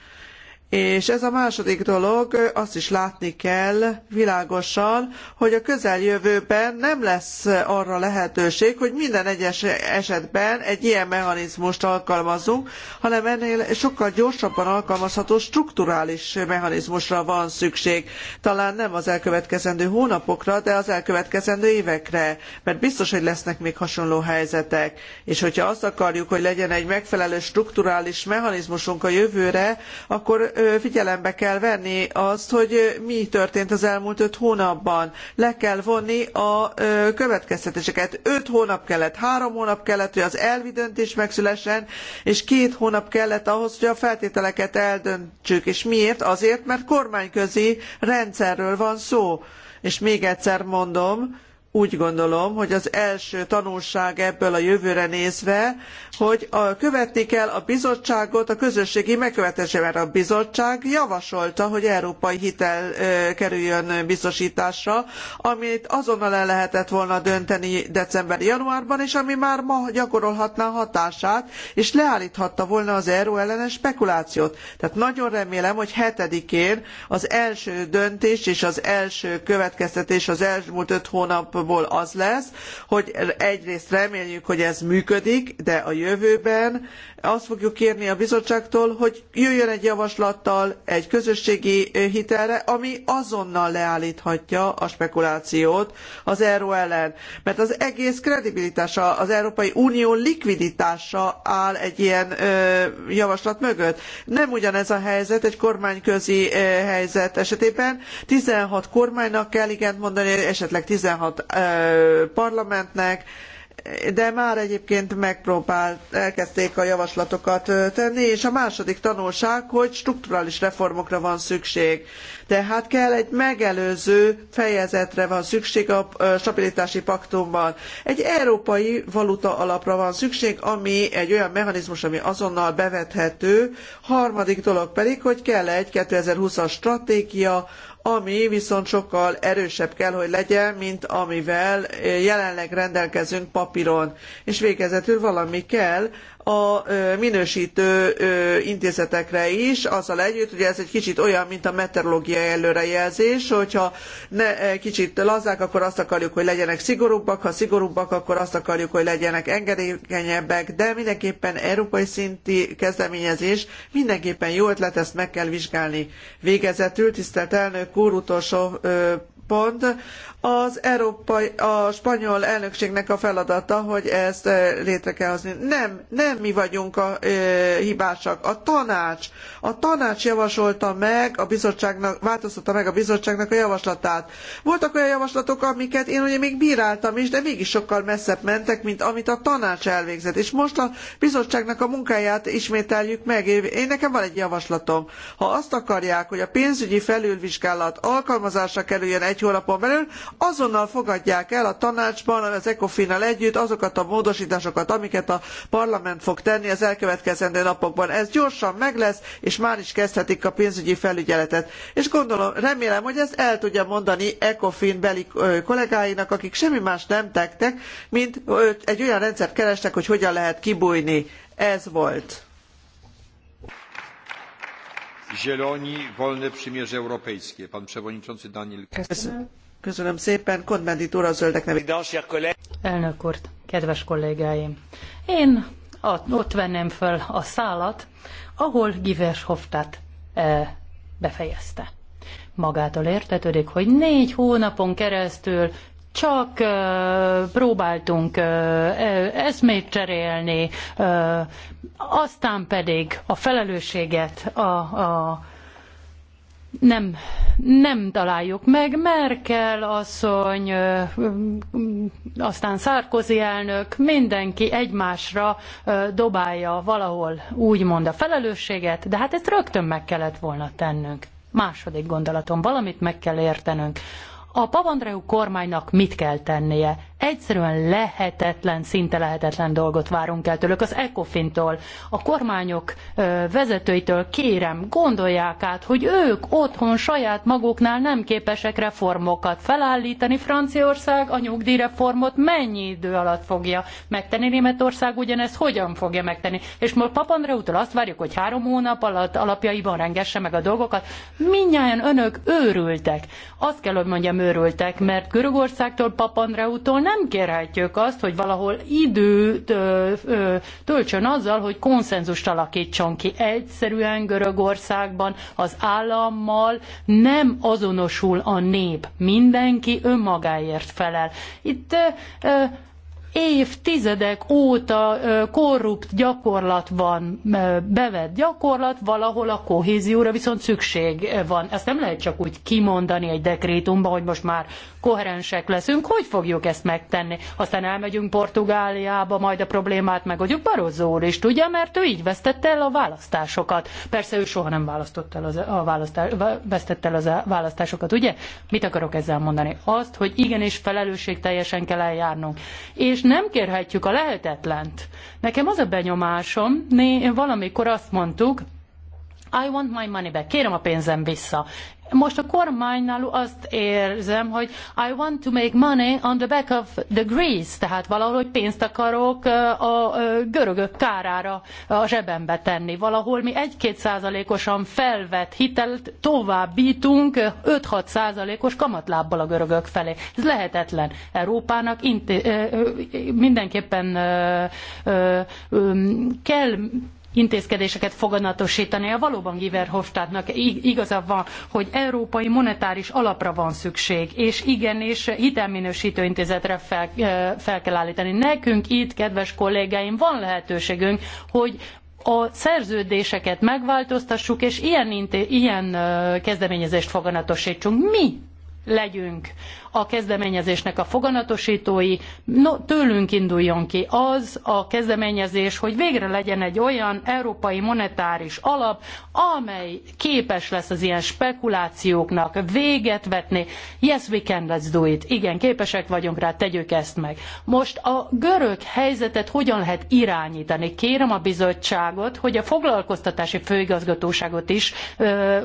És ez a második dolog, azt is látni kell világosan, hogy a közeljövőben nem lesz arra lehetőség, hogy minden egyes esetben egy ilyen mechanizmust alkalmazunk, hanem ennél sokkal gyorsabban alkalmazható strukturális mechanizmusra van szükség. Talán nem az elkövetkezendő hónapokra, de az elkövetkezendő évekre, mert biztos, hogy lesznek még hasonló helyzetek. És hogyha azt akarjuk, hogy legyen egy megfelelő strukturális mechanizmusunk a jövőre, akkor figyelembe kell venni azt, hogy mi történt az elmúlt öt hónapban. Le kell vonni a következtetéseket. Öt hónap kellett, három hónap kellett, hogy az elvi döntés megszülessen, és két hónap kellett ahhoz, hogy a feltételeket eldöntsük. És miért? Azért, mert kormányközi rendszerről van szó. És még egyszer mondom, úgy gondolom, hogy az első tanulság ebből a jövőre nézve, hogy a, követni kell a bizottságot a közösségi megkövetése, mert a bizottság javasolta, hogy európai hitel e, kerüljön biztosításra, amit azonnal el lehetett volna dönteni december-januárban, és ami már ma gyakorolhatná hatását, és leállíthatta volna az euró ellenes spekulációt. Tehát nagyon remélem, hogy hetedikén az első döntés és az első következtetés az elmúlt öt hónap szempontból az lesz, hogy egyrészt reméljük, hogy ez működik, de a jövőben azt fogjuk kérni a bizottságtól, hogy jöjjön egy javaslattal egy közösségi hitelre, ami azonnal leállíthatja a spekulációt az euró ellen. Mert az egész kredibilitása, az Európai Unió likviditása áll egy ilyen ö, javaslat mögött. Nem ugyanez a helyzet egy kormányközi ö, helyzet esetében. 16 kormánynak kell igent mondani, esetleg 16 parlamentnek, de már egyébként megpróbált, elkezdték a javaslatokat tenni, és a második tanulság, hogy strukturális reformokra van szükség. Tehát kell egy megelőző fejezetre van szükség a stabilitási paktumban. Egy európai valuta alapra van szükség, ami egy olyan mechanizmus, ami azonnal bevethető. Harmadik dolog pedig, hogy kell egy 2020-as stratégia, ami viszont sokkal erősebb kell, hogy legyen, mint amivel jelenleg rendelkezünk papíron. És végezetül valami kell, a minősítő intézetekre is, azzal együtt, ugye ez egy kicsit olyan, mint a meteorológiai előrejelzés, hogyha ne, kicsit lazák, akkor azt akarjuk, hogy legyenek szigorúbbak, ha szigorúbbak, akkor azt akarjuk, hogy legyenek engedékenyebbek, de mindenképpen európai szinti kezdeményezés mindenképpen jó ötlet, ezt meg kell vizsgálni. Végezetül, tisztelt elnök úr, utolsó pont. Az európai, a spanyol elnökségnek a feladata, hogy ezt létre kell hozni. Nem, nem mi vagyunk a e, hibásak. A tanács, a tanács javasolta meg a bizottságnak, változtatta meg a bizottságnak a javaslatát. Voltak olyan javaslatok, amiket én ugye még bíráltam is, de mégis sokkal messzebb mentek, mint amit a tanács elvégzett. És most a bizottságnak a munkáját ismételjük meg. Én nekem van egy javaslatom. Ha azt akarják, hogy a pénzügyi felülvizsgálat alkalmazásra kerüljön egy egy hónapon belül, azonnal fogadják el a tanácsban, az ecofin együtt azokat a módosításokat, amiket a parlament fog tenni az elkövetkezendő napokban. Ez gyorsan meg lesz, és már is kezdhetik a pénzügyi felügyeletet. És gondolom, remélem, hogy ezt el tudja mondani ecofin beli kollégáinak, akik semmi más nem tettek, mint egy olyan rendszert kerestek, hogy hogyan lehet kibújni. Ez volt. Zieloni, Wolne Przymierze Europejskie. Pan przewodniczący Daniel... Köszönöm, szépen. Kondbendit úr a zöldek nevében. Elnök úr, kedves kollégáim! Én ott venném föl a szálat, ahol Givers Hoftat e, befejezte. Magától értetődik, hogy négy hónapon keresztül csak próbáltunk eszmét cserélni, aztán pedig a felelősséget a, a nem, nem találjuk meg. Merkel asszony, aztán Szárkozi elnök, mindenki egymásra dobálja valahol úgymond a felelősséget, de hát ezt rögtön meg kellett volna tennünk. Második gondolatom, valamit meg kell értenünk. A Papandreou kormánynak mit kell tennie? Egyszerűen lehetetlen, szinte lehetetlen dolgot várunk el tőlük. Az ECOFIN-tól, a kormányok vezetőitől kérem, gondolják át, hogy ők otthon saját maguknál nem képesek reformokat felállítani. Franciaország a nyugdíjreformot mennyi idő alatt fogja megtenni? Németország ugyanezt hogyan fogja megtenni? És most Papandreútól azt várjuk, hogy három hónap alatt alapjaiban rengesse meg a dolgokat. Mindnyáján önök őrültek. Azt kell, hogy mondjam, őrültek, mert Görögországtól Papandreútól nem kérhetjük azt, hogy valahol időt ö, ö, töltsön azzal, hogy konszenzust alakítson ki. Egyszerűen Görögországban az állammal nem azonosul a nép. Mindenki önmagáért felel. Itt ö, évtizedek óta korrupt gyakorlat van, bevett gyakorlat, valahol a kohézióra viszont szükség van. Ezt nem lehet csak úgy kimondani egy dekrétumban, hogy most már koherensek leszünk. Hogy fogjuk ezt megtenni? Aztán elmegyünk Portugáliába, majd a problémát megoldjuk. Barozó úr is tudja, mert ő így vesztette el a választásokat. Persze ő soha nem választott el az, a választás, vesztette el az a választásokat, ugye? Mit akarok ezzel mondani? Azt, hogy igenis felelősségteljesen kell eljárnunk. És nem kérhetjük a lehetetlent. Nekem az a benyomásom, né, valamikor azt mondtuk, I want my money back, kérem a pénzem vissza. Most a kormánynál azt érzem, hogy I want to make money on the back of the Greece, tehát valahol hogy pénzt akarok a görögök kárára a zsebembe tenni. Valahol mi 1-2 százalékosan felvett hitelt továbbítunk 5-6 százalékos kamatlábbal a görögök felé. Ez lehetetlen. Európának mindenképpen kell intézkedéseket a Valóban Giver Hofstadtnak igaza van, hogy európai monetáris alapra van szükség, és igenis hitelminősítő intézetre fel, fel kell állítani. Nekünk itt, kedves kollégáim, van lehetőségünk, hogy a szerződéseket megváltoztassuk, és ilyen, ilyen kezdeményezést foganatosítsunk. Mi legyünk a kezdeményezésnek a foganatosítói, no, tőlünk induljon ki az a kezdeményezés, hogy végre legyen egy olyan európai monetáris alap, amely képes lesz az ilyen spekulációknak véget vetni. Yes, we can, let's do it. Igen, képesek vagyunk rá, tegyük ezt meg. Most a görög helyzetet hogyan lehet irányítani? Kérem a bizottságot, hogy a foglalkoztatási főigazgatóságot is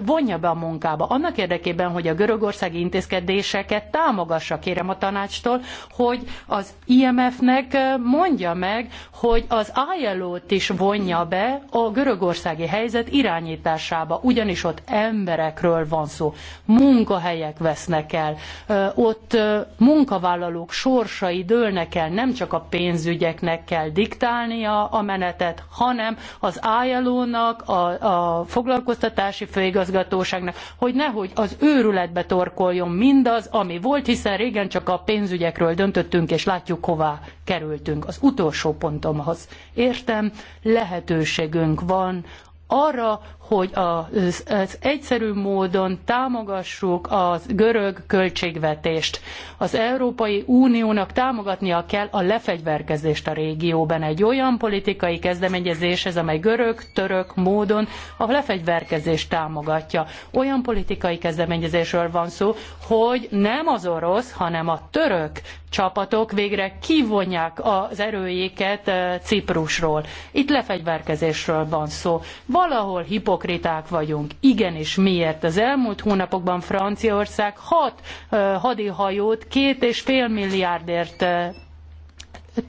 vonja be a munkába. Annak érdekében, hogy a görögországi intézkedések intézkedéseket támogassa. Kérem a tanácstól, hogy az IMF-nek mondja meg, hogy az ILO-t is vonja be a görögországi helyzet irányításába, ugyanis ott emberekről van szó, munkahelyek vesznek el, ott munkavállalók sorsai dőlnek el, nem csak a pénzügyeknek kell diktálnia a menetet, hanem az ILO-nak, a, a foglalkoztatási főigazgatóságnak, hogy nehogy az őrületbe torkoljon mindaz, ami volt, hiszen régen csak a pénzügyekről döntöttünk, és látjuk, hová kerültünk. Az utolsó pontomhoz értem, lehetőségünk van arra, hogy az, az egyszerű módon támogassuk a görög költségvetést. Az Európai Uniónak támogatnia kell a lefegyverkezést a régióban. Egy olyan politikai kezdeményezés ez, amely görög-török módon a lefegyverkezést támogatja. Olyan politikai kezdeményezésről van szó, hogy nem az orosz, hanem a török csapatok végre kivonják az erőjéket eh, Ciprusról. Itt lefegyverkezésről van szó. Valahol hipok hipokriták vagyunk. Igenis, miért? Az elmúlt hónapokban Franciaország hat hadihajót két és fél milliárdért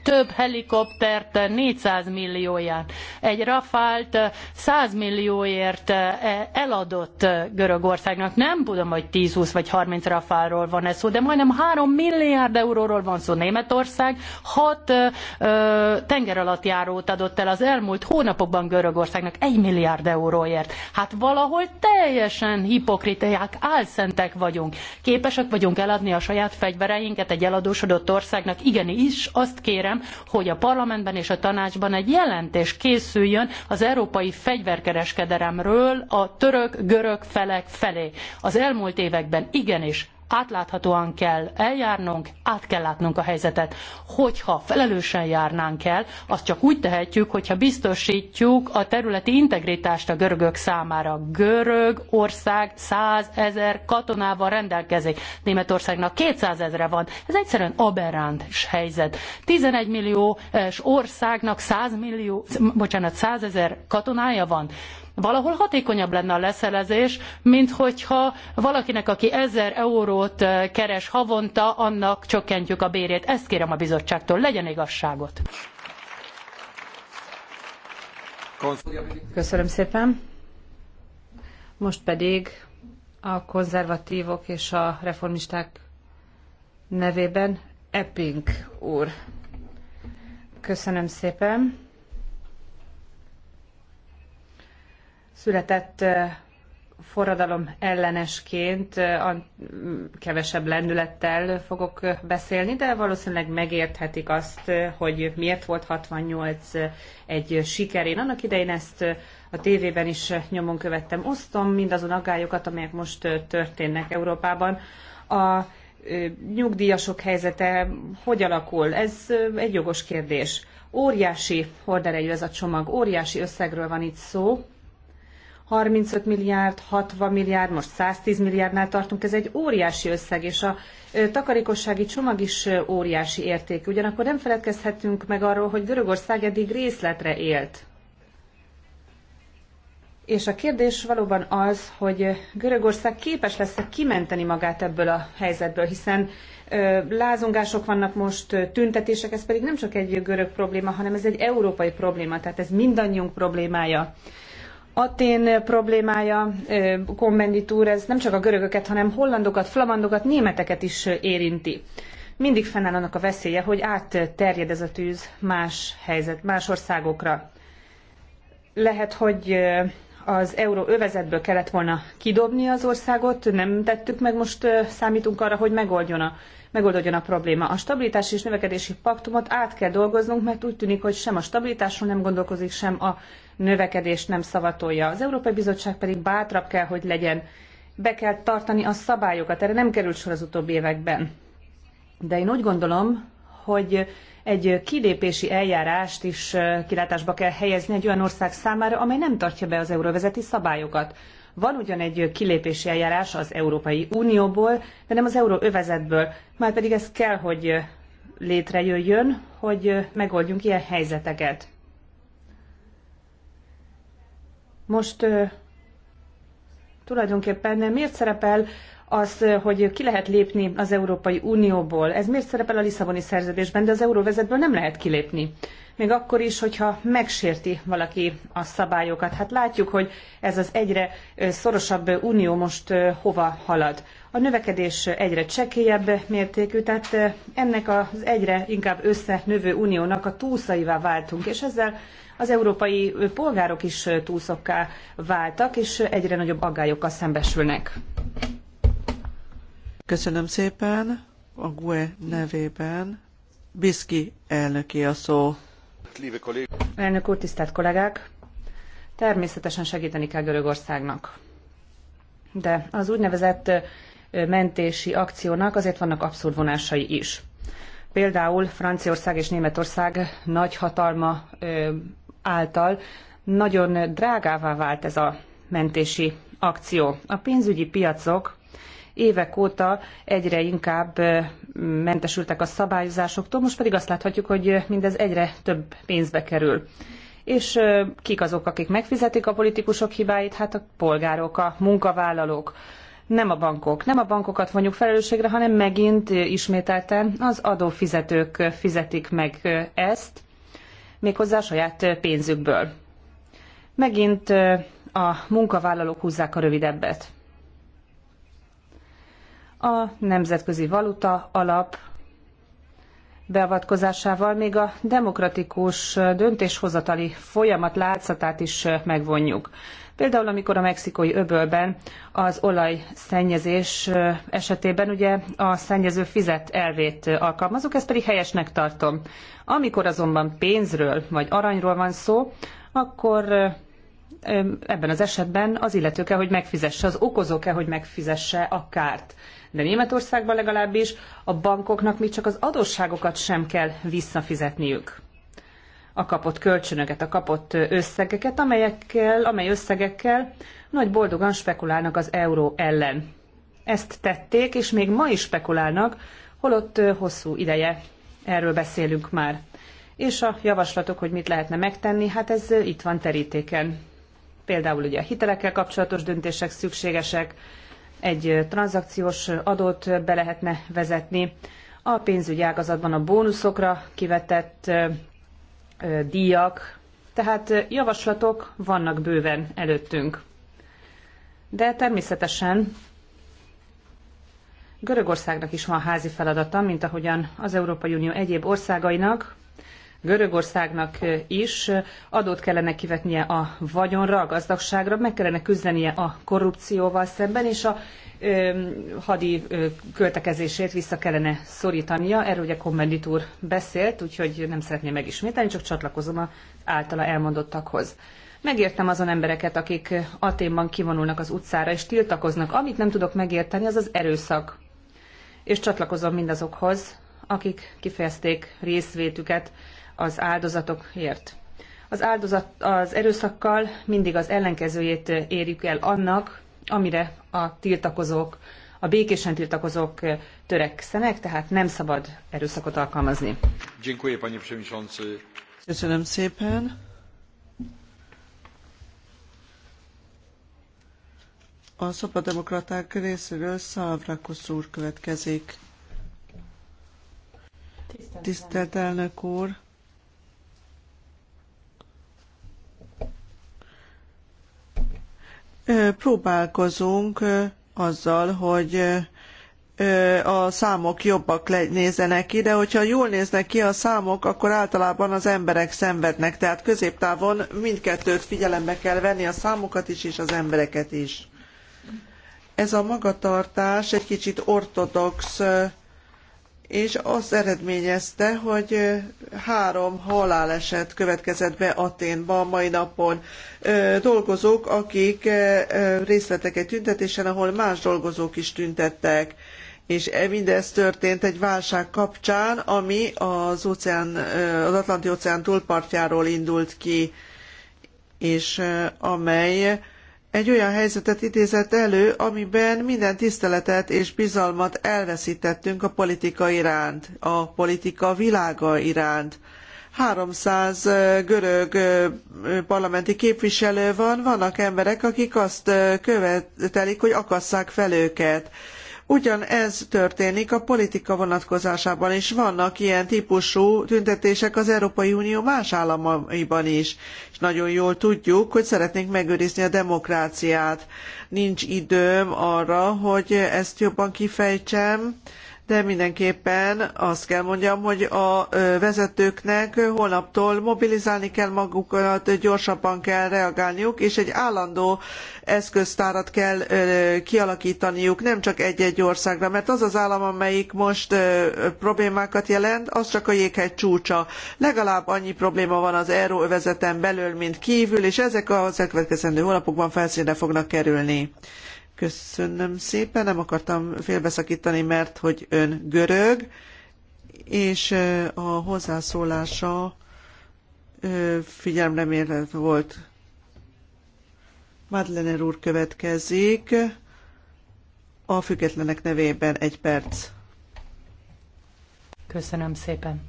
több helikoptert 400 millióján, egy Rafált 100 millióért eh, eladott eh, Görögországnak. Nem tudom, hogy 10-20 vagy 30 Rafálról van ez szó, de majdnem 3 milliárd euróról van szó. Németország 6 ö, eh, tengeralattjárót adott el az elmúlt hónapokban Görögországnak 1 milliárd euróért. Hát valahol teljesen hipokriták, álszentek vagyunk. Képesek vagyunk eladni a saját fegyvereinket egy eladósodott országnak? Igenis, azt kép kérem, hogy a parlamentben és a tanácsban egy jelentés készüljön az európai fegyverkereskedelemről a török-görög felek felé. Az elmúlt években igenis átláthatóan kell eljárnunk, át kell látnunk a helyzetet. Hogyha felelősen járnánk el, azt csak úgy tehetjük, hogyha biztosítjuk a területi integritást a görögök számára. Görög ország 100 ezer katonával rendelkezik. Németországnak 200 ezre van. Ez egyszerűen aberráns helyzet. 11 milliós országnak 100 millió, bocsánat, 100 ezer katonája van. Valahol hatékonyabb lenne a leszerelés, mint hogyha valakinek, aki 1000 eurót keres havonta, annak csökkentjük a bérét. Ezt kérem a bizottságtól, legyen igazságot. Köszönöm szépen. Most pedig a konzervatívok és a reformisták nevében Epping úr. Köszönöm szépen. született forradalom ellenesként kevesebb lendülettel fogok beszélni, de valószínűleg megérthetik azt, hogy miért volt 68 egy siker. Én annak idején ezt a tévében is nyomon követtem. Osztom mindazon aggályokat, amelyek most történnek Európában. A nyugdíjasok helyzete hogy alakul? Ez egy jogos kérdés. Óriási horderejű ez a csomag, óriási összegről van itt szó, 35 milliárd, 60 milliárd, most 110 milliárdnál tartunk, ez egy óriási összeg, és a takarékossági csomag is óriási érték. Ugyanakkor nem feledkezhetünk meg arról, hogy Görögország eddig részletre élt. És a kérdés valóban az, hogy Görögország képes lesz-e kimenteni magát ebből a helyzetből, hiszen lázongások vannak most, tüntetések, ez pedig nem csak egy görög probléma, hanem ez egy európai probléma, tehát ez mindannyiunk problémája. Atén problémája, kombenditúr, ez nem csak a görögöket, hanem hollandokat, flamandokat, németeket is érinti. Mindig fennáll annak a veszélye, hogy átterjed ez a tűz más helyzet, más országokra. Lehet, hogy az euróövezetből kellett volna kidobni az országot, nem tettük meg, most számítunk arra, hogy megoldjon a megoldódjon a probléma. A stabilitási és növekedési paktumot át kell dolgoznunk, mert úgy tűnik, hogy sem a stabilitásról nem gondolkozik, sem a növekedést nem szavatolja. Az Európai Bizottság pedig bátrabb kell, hogy legyen. Be kell tartani a szabályokat, erre nem került sor az utóbbi években. De én úgy gondolom, hogy egy kilépési eljárást is eh, kilátásba kell helyezni egy olyan ország számára, amely nem tartja be az euróvezeti szabályokat. Van ugyan egy kilépési eljárás az Európai Unióból, de nem az euróövezetből. Márpedig ez kell, hogy létrejöjjön, hogy megoldjunk ilyen helyzeteket. Most tulajdonképpen miért szerepel az, hogy ki lehet lépni az Európai Unióból. Ez miért szerepel a Lisszaboni szerződésben, de az euróvezetből nem lehet kilépni még akkor is, hogyha megsérti valaki a szabályokat. Hát látjuk, hogy ez az egyre szorosabb unió most hova halad. A növekedés egyre csekélyebb mértékű, tehát ennek az egyre inkább összenövő uniónak a túlszaivá váltunk, és ezzel az európai polgárok is túlszokká váltak, és egyre nagyobb aggályokkal szembesülnek. Köszönöm szépen a GUE nevében. Biszki elnöki a szó. Elnök úr, tisztelt kollégák! Természetesen segíteni kell Görögországnak. De az úgynevezett mentési akciónak azért vannak abszurd vonásai is. Például Franciaország és Németország nagy hatalma által nagyon drágává vált ez a mentési akció. A pénzügyi piacok évek óta egyre inkább mentesültek a szabályozásoktól, most pedig azt láthatjuk, hogy mindez egyre több pénzbe kerül. És kik azok, akik megfizetik a politikusok hibáit? Hát a polgárok, a munkavállalók, nem a bankok. Nem a bankokat vonjuk felelősségre, hanem megint ismételten az adófizetők fizetik meg ezt, méghozzá a saját pénzükből. Megint a munkavállalók húzzák a rövidebbet a nemzetközi valuta alap beavatkozásával még a demokratikus döntéshozatali folyamat látszatát is megvonjuk. Például amikor a mexikói öbölben az olajszennyezés esetében ugye a szennyező fizet elvét alkalmazunk, ezt pedig helyesnek tartom. Amikor azonban pénzről vagy aranyról van szó, akkor ebben az esetben az illető kell, hogy megfizesse, az okozó kell, hogy megfizesse a kárt de Németországban legalábbis a bankoknak még csak az adósságokat sem kell visszafizetniük a kapott kölcsönöket, a kapott összegeket, amelyekkel, amely összegekkel nagy boldogan spekulálnak az euró ellen. Ezt tették, és még ma is spekulálnak, holott hosszú ideje erről beszélünk már. És a javaslatok, hogy mit lehetne megtenni, hát ez itt van terítéken. Például ugye a hitelekkel kapcsolatos döntések szükségesek, egy tranzakciós adót be lehetne vezetni. A pénzügyi ágazatban a bónuszokra kivetett díjak, tehát javaslatok vannak bőven előttünk. De természetesen Görögországnak is van házi feladata, mint ahogyan az Európai Unió egyéb országainak, Görögországnak is adót kellene kivetnie a vagyonra, a gazdagságra, meg kellene küzdenie a korrupcióval szemben, és a hadi költekezését vissza kellene szorítania. Erről ugye Kommendit úr beszélt, úgyhogy nem szeretném megismételni, csak csatlakozom az általa elmondottakhoz. Megértem azon embereket, akik Aténban kivonulnak az utcára és tiltakoznak. Amit nem tudok megérteni, az az erőszak. És csatlakozom mindazokhoz, akik kifejezték részvétüket az áldozatokért. Az, áldozat, az erőszakkal mindig az ellenkezőjét érjük el annak, amire a tiltakozók, a békésen tiltakozók törekszenek, tehát nem szabad erőszakot alkalmazni. Köszönöm szépen. A szabaddemokraták részéről Szávrakosz úr következik. Tisztelt elnök úr! Próbálkozunk azzal, hogy a számok jobbak nézzenek ki, de hogyha jól néznek ki a számok, akkor általában az emberek szenvednek. Tehát középtávon mindkettőt figyelembe kell venni, a számokat is és az embereket is. Ez a magatartás egy kicsit ortodox és azt eredményezte, hogy három haláleset következett be Aténba a mai napon. Dolgozók, akik részt vettek egy tüntetésen, ahol más dolgozók is tüntettek és e mindez történt egy válság kapcsán, ami az, óceán, az Atlanti óceán túlpartjáról indult ki, és amely egy olyan helyzetet idézett elő, amiben minden tiszteletet és bizalmat elveszítettünk a politika iránt, a politika világa iránt. 300 görög parlamenti képviselő van, vannak emberek, akik azt követelik, hogy akasszák fel őket. Ugyanez történik a politika vonatkozásában is. Vannak ilyen típusú tüntetések az Európai Unió más államaiban is. És nagyon jól tudjuk, hogy szeretnénk megőrizni a demokráciát. Nincs időm arra, hogy ezt jobban kifejtsem de mindenképpen azt kell mondjam, hogy a vezetőknek holnaptól mobilizálni kell magukat, gyorsabban kell reagálniuk, és egy állandó eszköztárat kell kialakítaniuk, nem csak egy-egy országra, mert az az állam, amelyik most problémákat jelent, az csak a jéghegy csúcsa. Legalább annyi probléma van az euróövezeten belül, mint kívül, és ezek az elkövetkezendő hónapokban felszínre fognak kerülni. Köszönöm szépen, nem akartam félbeszakítani, mert hogy ön görög, és a hozzászólása figyelemre mérlet volt. Madlener úr következik a függetlenek nevében egy perc. Köszönöm szépen.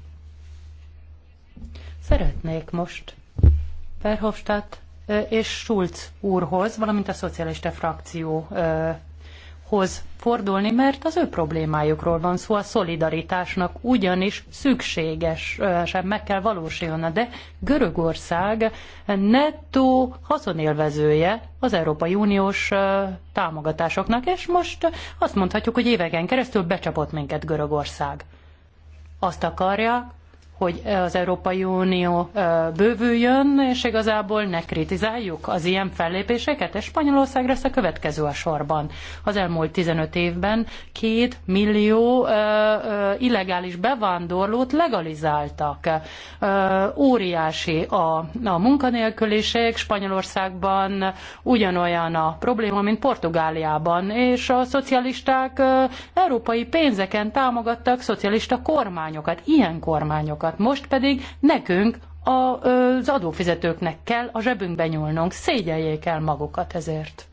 Szeretnék most Verhofstadt és Schulz úrhoz, valamint a szocialista frakcióhoz fordulni, mert az ő problémájukról van szó, a szolidaritásnak ugyanis szükséges, sem meg kell valósulnia, de Görögország nettó hazonélvezője az Európai Uniós támogatásoknak, és most azt mondhatjuk, hogy éveken keresztül becsapott minket Görögország. Azt akarja, hogy az Európai Unió bővüljön, és igazából ne kritizáljuk az ilyen fellépéseket, és Spanyolország lesz a következő a sorban. Az elmúlt 15 évben két millió illegális bevándorlót legalizáltak. Óriási a, a munkanélküliség Spanyolországban, ugyanolyan a probléma, mint Portugáliában, és a szocialisták európai pénzeken támogattak szocialista kormányokat, ilyen kormányokat adókat. Most pedig nekünk, az adófizetőknek kell a zsebünkbe nyúlnunk. Szégyeljék el magukat ezért.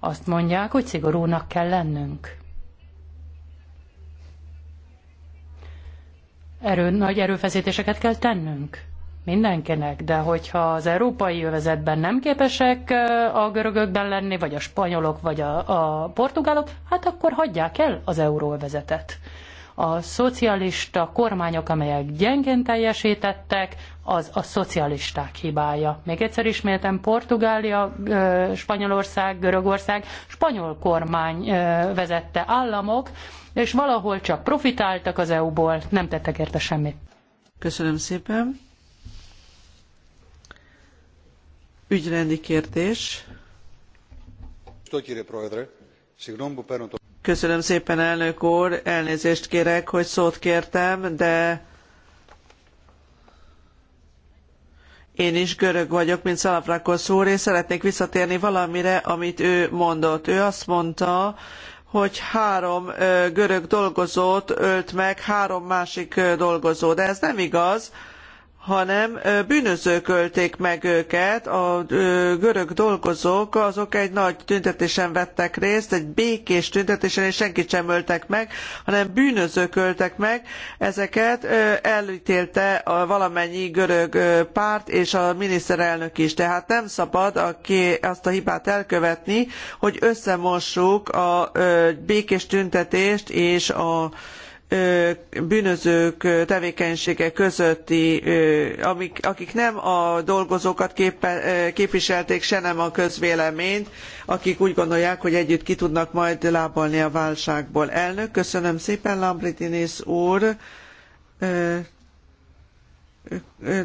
Azt mondják, hogy szigorúnak kell lennünk. Erő, nagy erőfeszítéseket kell tennünk. Mindenkinek, de hogyha az európai övezetben nem képesek a görögökben lenni, vagy a spanyolok, vagy a, a portugálok, hát akkor hagyják el az euróvezetet. A szocialista kormányok, amelyek gyengén teljesítettek, az a szocialisták hibája. Még egyszer ismétem, Portugália, Spanyolország, Görögország, spanyol kormány vezette államok, és valahol csak profitáltak az EU-ból, nem tettek érte semmit. Köszönöm szépen. Ügyrendi kérdés. Köszönöm szépen, elnök úr. Elnézést kérek, hogy szót kértem, de Én is görög vagyok, mint Szalafrakosz úr, és szeretnék visszatérni valamire, amit ő mondott. Ő azt mondta, hogy három görög dolgozót ölt meg három másik dolgozó, de ez nem igaz hanem bűnözők ölték meg őket, a görög dolgozók, azok egy nagy tüntetésen vettek részt, egy békés tüntetésen, és senkit sem öltek meg, hanem bűnözők öltek meg. Ezeket elítélte a valamennyi görög párt és a miniszterelnök is. Tehát nem szabad azt a hibát elkövetni, hogy összemossuk a békés tüntetést és a bűnözők tevékenysége közötti, amik, akik nem a dolgozókat képe, képviselték, se nem a közvéleményt, akik úgy gondolják, hogy együtt ki tudnak majd lábalni a válságból. Elnök, köszönöm szépen, Lambridinis úr.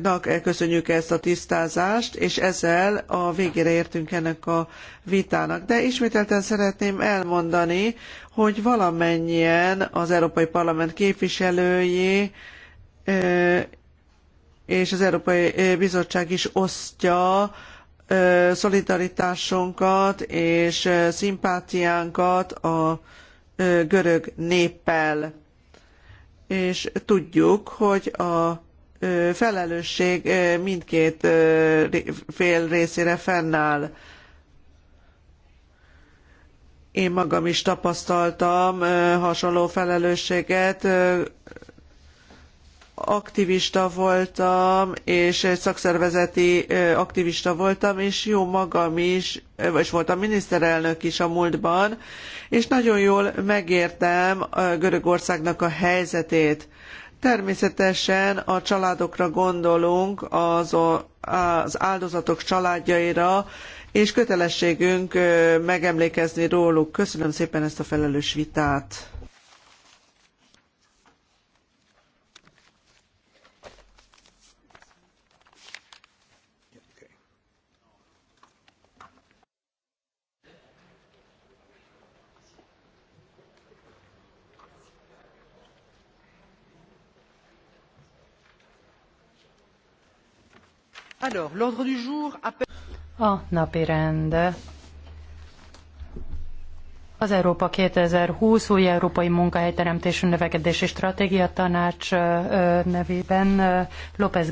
Nak köszönjük ezt a tisztázást, és ezzel a végére értünk ennek a vitának. De ismételten szeretném elmondani, hogy valamennyien az Európai Parlament képviselői és az Európai Bizottság is osztja szolidaritásunkat és szimpátiánkat a görög néppel. És tudjuk, hogy a felelősség mindkét fél részére fennáll. Én magam is tapasztaltam hasonló felelősséget. Aktivista voltam, és egy szakszervezeti aktivista voltam, és jó magam is, és voltam miniszterelnök is a múltban, és nagyon jól megértem Görögországnak a helyzetét Természetesen a családokra gondolunk, az, az áldozatok családjaira, és kötelességünk megemlékezni róluk. Köszönöm szépen ezt a felelős vitát. A napirend az Európa 2020 új európai munkahelyteremtésű növekedési stratégia tanács nevében López